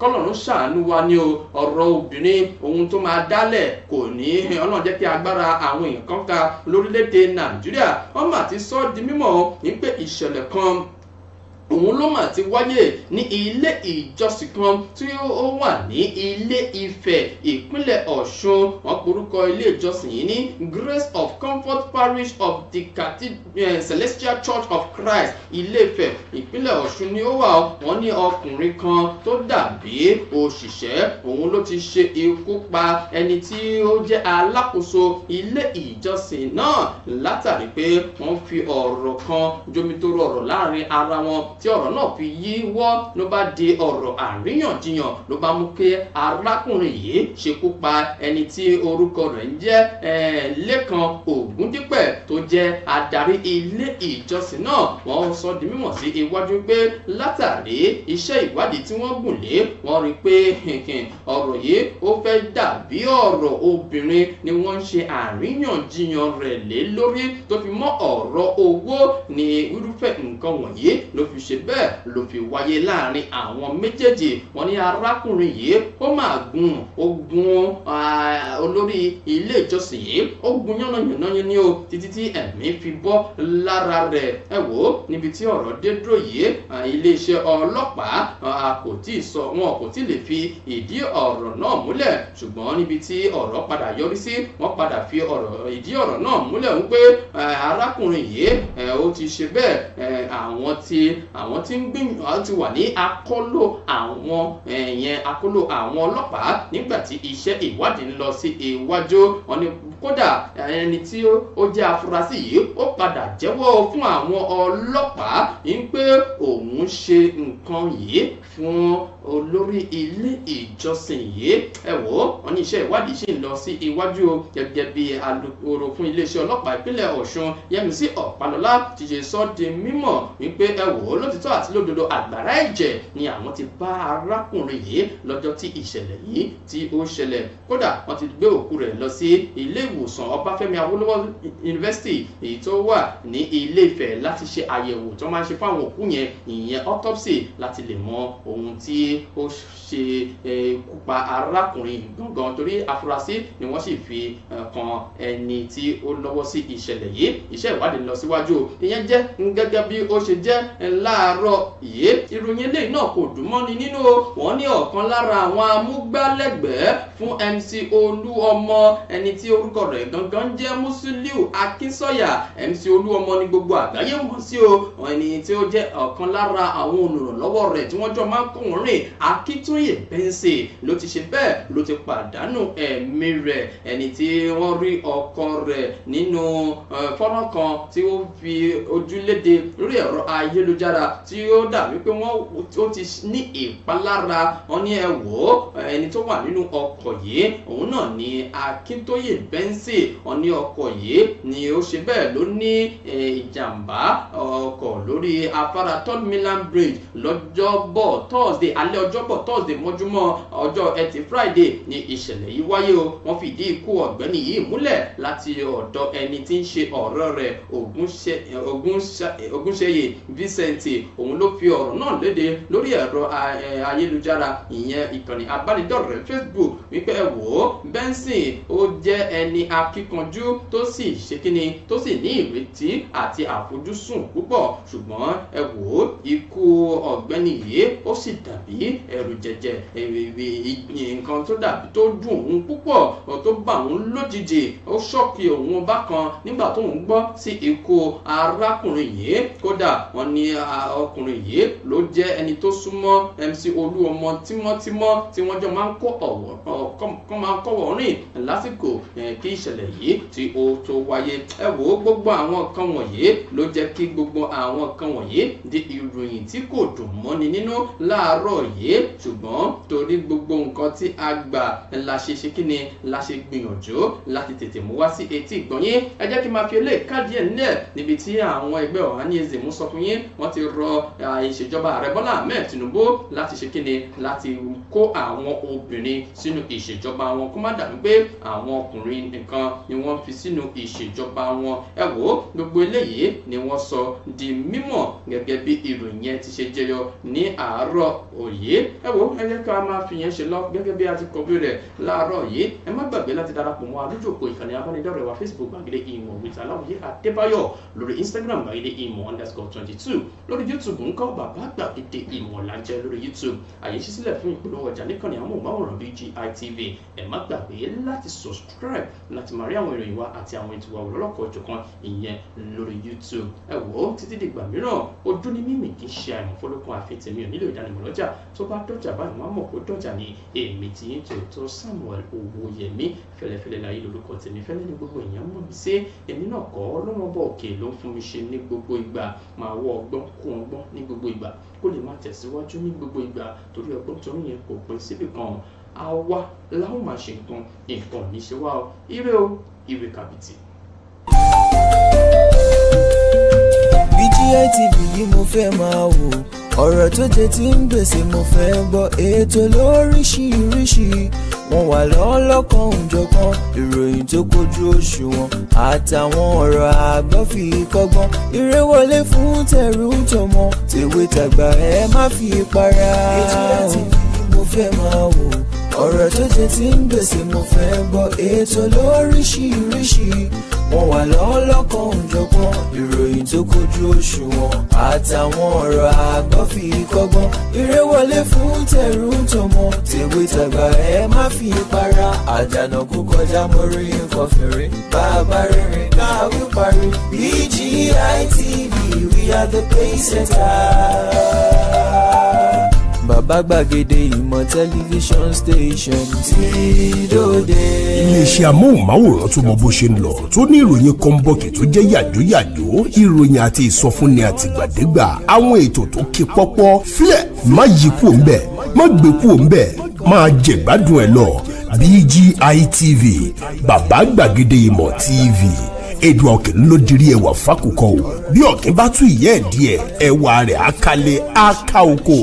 kọ́lọ́run ṣàánú wa ni o ọ̀rọ̀ obìnrin ohun tó máa dálẹ̀ kò ní ọlọ́run jẹ́ kí agbára àwọn èèyàn kan ka lórílẹ̀‐èdè nàìjíríà wọ́n mà ti sọ di mímọ̀ o pé ìṣẹ̀lẹ̀ kan òun ló mà ti wáyé ní ilé ìjọsìn kan tí ó wà ní ilé Ifẹ̀ ìpínlẹ̀ Ọ̀ṣun wọ́n porúkọ ilé ìjọsìn yìí ní Grace of Comfort Parish of the Cathedral eh, Celestial Church of Christ Ilé Ifẹ̀ ìpínlẹ̀ ni ó wà wọ́n ní ọkùnrin kan tó dàbí òṣìṣẹ́ òun ló ti ṣe ikú pa ẹni tí ó jẹ́ alákòóso ilé ìjọsìn náà látàrí pé wọ́n fi ọ̀rọ̀ kan jomitoro ọ̀rọ̀ láàrin ara wọn tí ọ̀rọ̀ náà fi yí wọ́ ló bá di ọ̀rọ̀ àríyànjiyàn ló bá mú kí arákùnrin yìí ṣekú pa ẹni tí orúkọ rẹ̀ ń jẹ́ eh, Lékan Ògúndípẹ̀ tó jẹ́ adarí ilé ìjọsìn náà wọ́n sọ di mímọ̀ sí iwájú pé látàrí iṣẹ́ ìwádìí tí wọ́n gùn lé wọ́n rí pé ọ̀rọ̀ yìí ó fẹ́ dàbí ọ̀rọ̀ obìnrin ni wọ́n ń ṣe àríyànjiyàn rẹ̀ lé lórí tó fi mọ́ ọ̀rọ̀ owó ni irúfẹ́ nǹkan wọ̀nyí ló fi ṣe ṣe bẹ́ẹ̀ ló fi wáyé láàrin àwọn méjèèjì wọ́n ní arákùnrin yìí ó máa gun ogun olórí ilé ìjọsìn yìí ó gun yánnayànna ni o títí tí ẹ̀mí fi bọ́ lára rẹ̀ ẹ wò ó níbi tí ọ̀rọ̀ dé dúró yìí iléeṣẹ́ ọlọ́pàá kò tí ì sọ wọn kò tí ì lè fi ìdí ọ̀rọ̀ náà múlẹ̀ ṣùgbọ́n níbi tí ọ̀rọ̀ padà yọrí sí wọ́n padà fi ìdí ọ̀rọ̀ náà múlẹ̀ wípé arákùnrin yìí ó ti ṣe bẹ́ẹ̀ àwọn ti àwọn tí ń gbìyànjú àwọn ti wà ní akọ́lò àwọn ẹ̀yẹn eh, akọ́lò àwọn ọlọ́pàá nígbà tí iṣẹ́ ìwádìí ń lọ sí iwájú wọn ní kódà ẹni tí ó jẹ́ afurasí yìí ó padà jẹ́wọ́ fún àwọn ọlọ́pàá yìí pé òun ṣe nǹkan yìí fún olórí ilé ìjọsìn yìí ẹ wò ó wọn ní iṣẹ́ ìwádìí ṣì ń lọ sí iwájú gẹ́gẹ́ bí alukoro fún iléeṣẹ́ ọlọ́pàá ìpínlẹ̀ Ọ̀ṣun Yẹmisí Ọ̀pálọ́lá ti ṣe sọ di mímọ̀ wípé ẹ wò ó lótìtọ́ àti lódodo àgbàrá ẹ̀jẹ̀ ni àwọn ti bá arákùnrin yìí lọ́jọ́ tí ìṣẹ̀lẹ̀ yìí tí ó ṣẹlẹ̀ kódà wọ́n ti gbé òkú rẹ̀ lọ sí ilé ìw ìwòsàn ọbáfẹ́mi awólọ́wọ̀ yunifásitì èyí tó wà ní ilé Ifẹ̀ láti ṣe àyẹ̀wò tó máa ń ṣe fáwọn òkú yẹn ìyẹn autopsy láti lè mọ ohun tí ó ṣe kú pa arákùnrin gangan torí afurasí ni wọ́n sì fi kan ẹni tí ó lọ́wọ́ sí ìṣẹ̀lẹ̀ yìí iṣẹ́ ìwádìí ń lọ síwájú ìyẹn jẹ́ gẹ́gẹ́ bí ó ṣe jẹ́ láàárọ̀ yìí ìròyìn eléyìí náà kò dùn mọ́ni nínú wọn ní ọ̀kan lára àwọn amúgbálẹ́gbẹ̀ẹ́ fún MC Olúọmọ ẹni tí orúkọ orúkọ rẹ̀ gangan jẹ́ Musiliu Akínsọ́yà MC Olúọmọ ní gbogbo àgbáyé mọ̀ sí o ẹni tí ó jẹ́ ọ̀kan lára àwọn olùrànlọ́wọ́ rẹ̀ tí wọ́n jọ máa ń kóhun rìn Akíntúnyè Bẹ́ńsì ló ti ṣe bẹ́ẹ̀ ló ti pàdánù ẹ̀mí rẹ̀ ẹni tí wọ́n rí ọkọ rẹ̀ nínú fọ́nrán kan tí ó fi ojúléde lórí ẹ̀rọ ayélujára tí ó dà wípé wọ́n ti ní ìpalára wọ́n ní ẹ wò ó ẹni tó wà nínú ọkọ̀ yìí òun náà ni Akíntóyè bẹ́ẹ̀ Sẹ́lẹ́ńsì wọ́n ní ọkọ̀ yìí ni ó ṣe bẹ́ẹ̀ ló ní ìjàmbá ọkọ̀ lórí afárá third milan bridge lọ́jọ́bọ̀ thursday alẹ́ ọjọ́bọ̀ thursday mọ́júmọ́ ọjọ́ ẹtì friday ni ìṣẹ̀lẹ̀ yìí wáyé o wọ́n fìdí ikú ọ̀gbẹ́ni yìí múlẹ̀ láti ọ̀dọ̀ ẹni tí ń ṣe ọ̀rọ̀ rẹ̀ Ògúnṣeyè Vincent òun ló fi ọ̀rọ̀ náà léde lórí ẹ̀rọ ayélujára ìyẹn ìkànnì abánidọ́rẹ̀ẹ́ facebook wípé ẹ wò ó Benson ó jẹ́ ẹni ẹni akíkanjú tó sì ṣe kíni tó sì ní ìrètí àti àfojúsùn púpọ̀ ṣùgbọ́n ẹ wò ó ikú ọ̀gbẹ́ni yìí ó sì dàbí ẹ̀rù jẹ̀jẹ̀ nǹkan tó dàbí tó dùn òun púpọ̀ tó bá òun lójijì ó ṣọ́ọ̀kì òun bákan nígbà tó ń gbọ́ sí ikú arákùnrin yìí kódà wọ́n ní ọkùnrin yìí ló jẹ́ ẹni tó súnmọ́ MC Olúọmọ tímọ́tímọ́ tí wọ́n jọ máa ń kọ́ ọ̀wọ̀ kọ́ máa ń kọ́wọ̀ rìn lásìkò kí ìṣẹ̀lẹ̀ yìí tí ó tó wáyé ẹ wò ó gbogbo àwọn nǹkan wọ̀nyí ló jẹ́ kí gbogbo àwọn nǹkan wọ̀nyí di ìròyìn tí kò dùn mọ́ni nínú láàárọ̀ yìí ṣùgbọ́n torí gbogbo nǹkan tí a gbà la ṣe ṣe kí ni la ṣe gbìyànjú láti tètè mú wá sí etí ìgbọ̀nyín ẹ jẹ́ kí n máa fi eléyìí káàdì ẹ̀ nílẹ̀ níbi tí àwọn ẹgbẹ́ ọ̀hánìyèsè mú sọ fún yín wọ́n ti rọ ìṣèjọba ààrẹ bọ́lá ahmed tinubu láti ṣe kí ni láti kó àwọn obìnrin sínú ìṣèjọba wọn kó má dàbí pé àwọn ọkùnrin nìkan ni wọ́n fi sínú ìṣèjọba wọn ẹ wò ó gbogbo eléyìí ni wọ́n sọ di mímọ̀ gẹ́gẹ́ bí ìròyìn yẹn ti ṣe jẹyọ ní àárọ̀ òye ẹ wò ó ẹ jẹ́ ká máa fi yẹn ṣe lọ gẹ́gẹ́ bí a ti kọ̀wé rẹ̀ láàárọ̀ yìí ẹ má gbàgbé láti darapọ̀ mọ́ àdójòkò ìkànnì abánidọ́rẹ̀ wa Facebook gbàgede ìmọ̀ with aláwòye àdébáyọ̀ lórí Instagram gbàgede ìmọ̀ underscore twenty two lórí YouTube ńkọ́ bàbá gbàgede ìmọ̀ làjẹ́ lórí YouTube àyè ṣí sílẹ̀ fún ìpolówó ọjà níkànnì amóhùnmáwòrán BGI TV ẹ má gbàgbé subscribe láti máa rí àwọn ìròyìn wa àti àwọn ètò àwòrán ọlọ́kọ̀ ọ̀jọ̀kan ìyẹn lórí YouTube ẹ wò ó títí dìgbà mìíràn ojú ni mímì kì í ṣe àìmọ̀ fọlọ́kun àfi tèmi ò nílò ìdánimọ̀ lọ́jà tó bá dọ́jà báyìí wọ́n á mọ̀ pé dọ́jà ni èmi ti ń tòótọ́ Samuel Owóyẹmí fẹlẹfẹlẹ láyé lórúkọ tèmi fẹlẹ ní gbogbo èèyàn mọ̀ mí sí èmi náà kọ́ ọlọ́mọbọ òkè ló ń fún mi ṣe ní gbogbo ìgbà máa wọ ọgbọ́n kó ọgbọ́n ní gbogbo ìgbà kó lè má tẹ̀síwájú ní gbogbo ìgbà torí ọgbọ́n torí yẹn kò pín síbì kan àwa láwọn máa ṣe nǹkan nǹkan ní ṣe wá o ire o ire kàbìtì. BGI TV yìí mo fẹ́ máa wò ọ̀rọ̀ tó jẹ ti ń gbèsè mo fẹ́ gbọ́ ètò lóríṣiríṣi wọ́n wà lọ́lọ́kan òjọ̀kan ìròyìn tó kojú òṣùwọ̀n àtàwọn ọ̀rọ̀ àgbọ́ eré wọlé fún tẹrú tọmọ tèwe tàgbà ẹ má fi para mo fẹ́ máa wò ọ̀rọ̀ tó jẹ ti ń gbèsè mo fẹ́ gbọ́ ètò lóríṣiríṣi wọ́n wà lọ́wọ́ lọ́kàn òjọ̀gbọ́n ìròyìn tó kojú òṣùwọ̀n àtàwọn ọ̀rọ̀ àgbọ́ fi kọ́gbọ́n eré wọlé fún tẹ̀rù tọmọ tèwe tàgbà ẹ má fi para àjànà kú kọjá mórí nǹkan fèrè bàbá rere káwí parí BGI TV we are the pace setters bàbá gbàgede ìmọ̀ tẹlifíṣọ̀n station ti dòde. iléeṣẹ́ amóhùnmáwòrán tó mọ bó ṣe ń lọ tó ní ìròyìn kọ́ńbọ̀kì tó jẹ́ yàjóyàjó ìròyìn àti ìsọfúnni àtìgbàdégbà àwọn ètò tó ké pọ́pọ́ flẹ̀ má yí kúò ńbẹ̀ má gbé kúò ńbẹ̀ máa jẹ̀gbádùn ẹ̀ lọ BGI bàbá gbàgede ìmọ̀ TV èdùn ọ̀kìn ló dirí ẹwà fákòkò o bí ọ̀kìn bá tún ìyẹ́ ẹ̀ díẹ̀ ẹwà rẹ̀ á kalẹ̀ á ká oko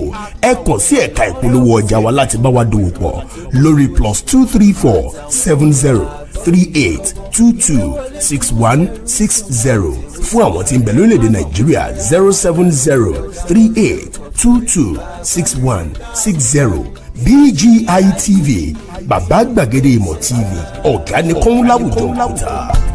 ẹ kàn sí ẹ̀ka ìpolówó ọjà wa láti bá wa dòwò pọ̀ lórí plus two three four seven zero three eight two two six one six zero fún àwọn tí ń bẹ lórílẹ̀‐èdè nàìjíríà zero seven zero three eight two two six one six zero BGI TV bàbá gbàgede ìmọ̀ TV ọ̀gá ni kọ́ńláwùjọ kùtà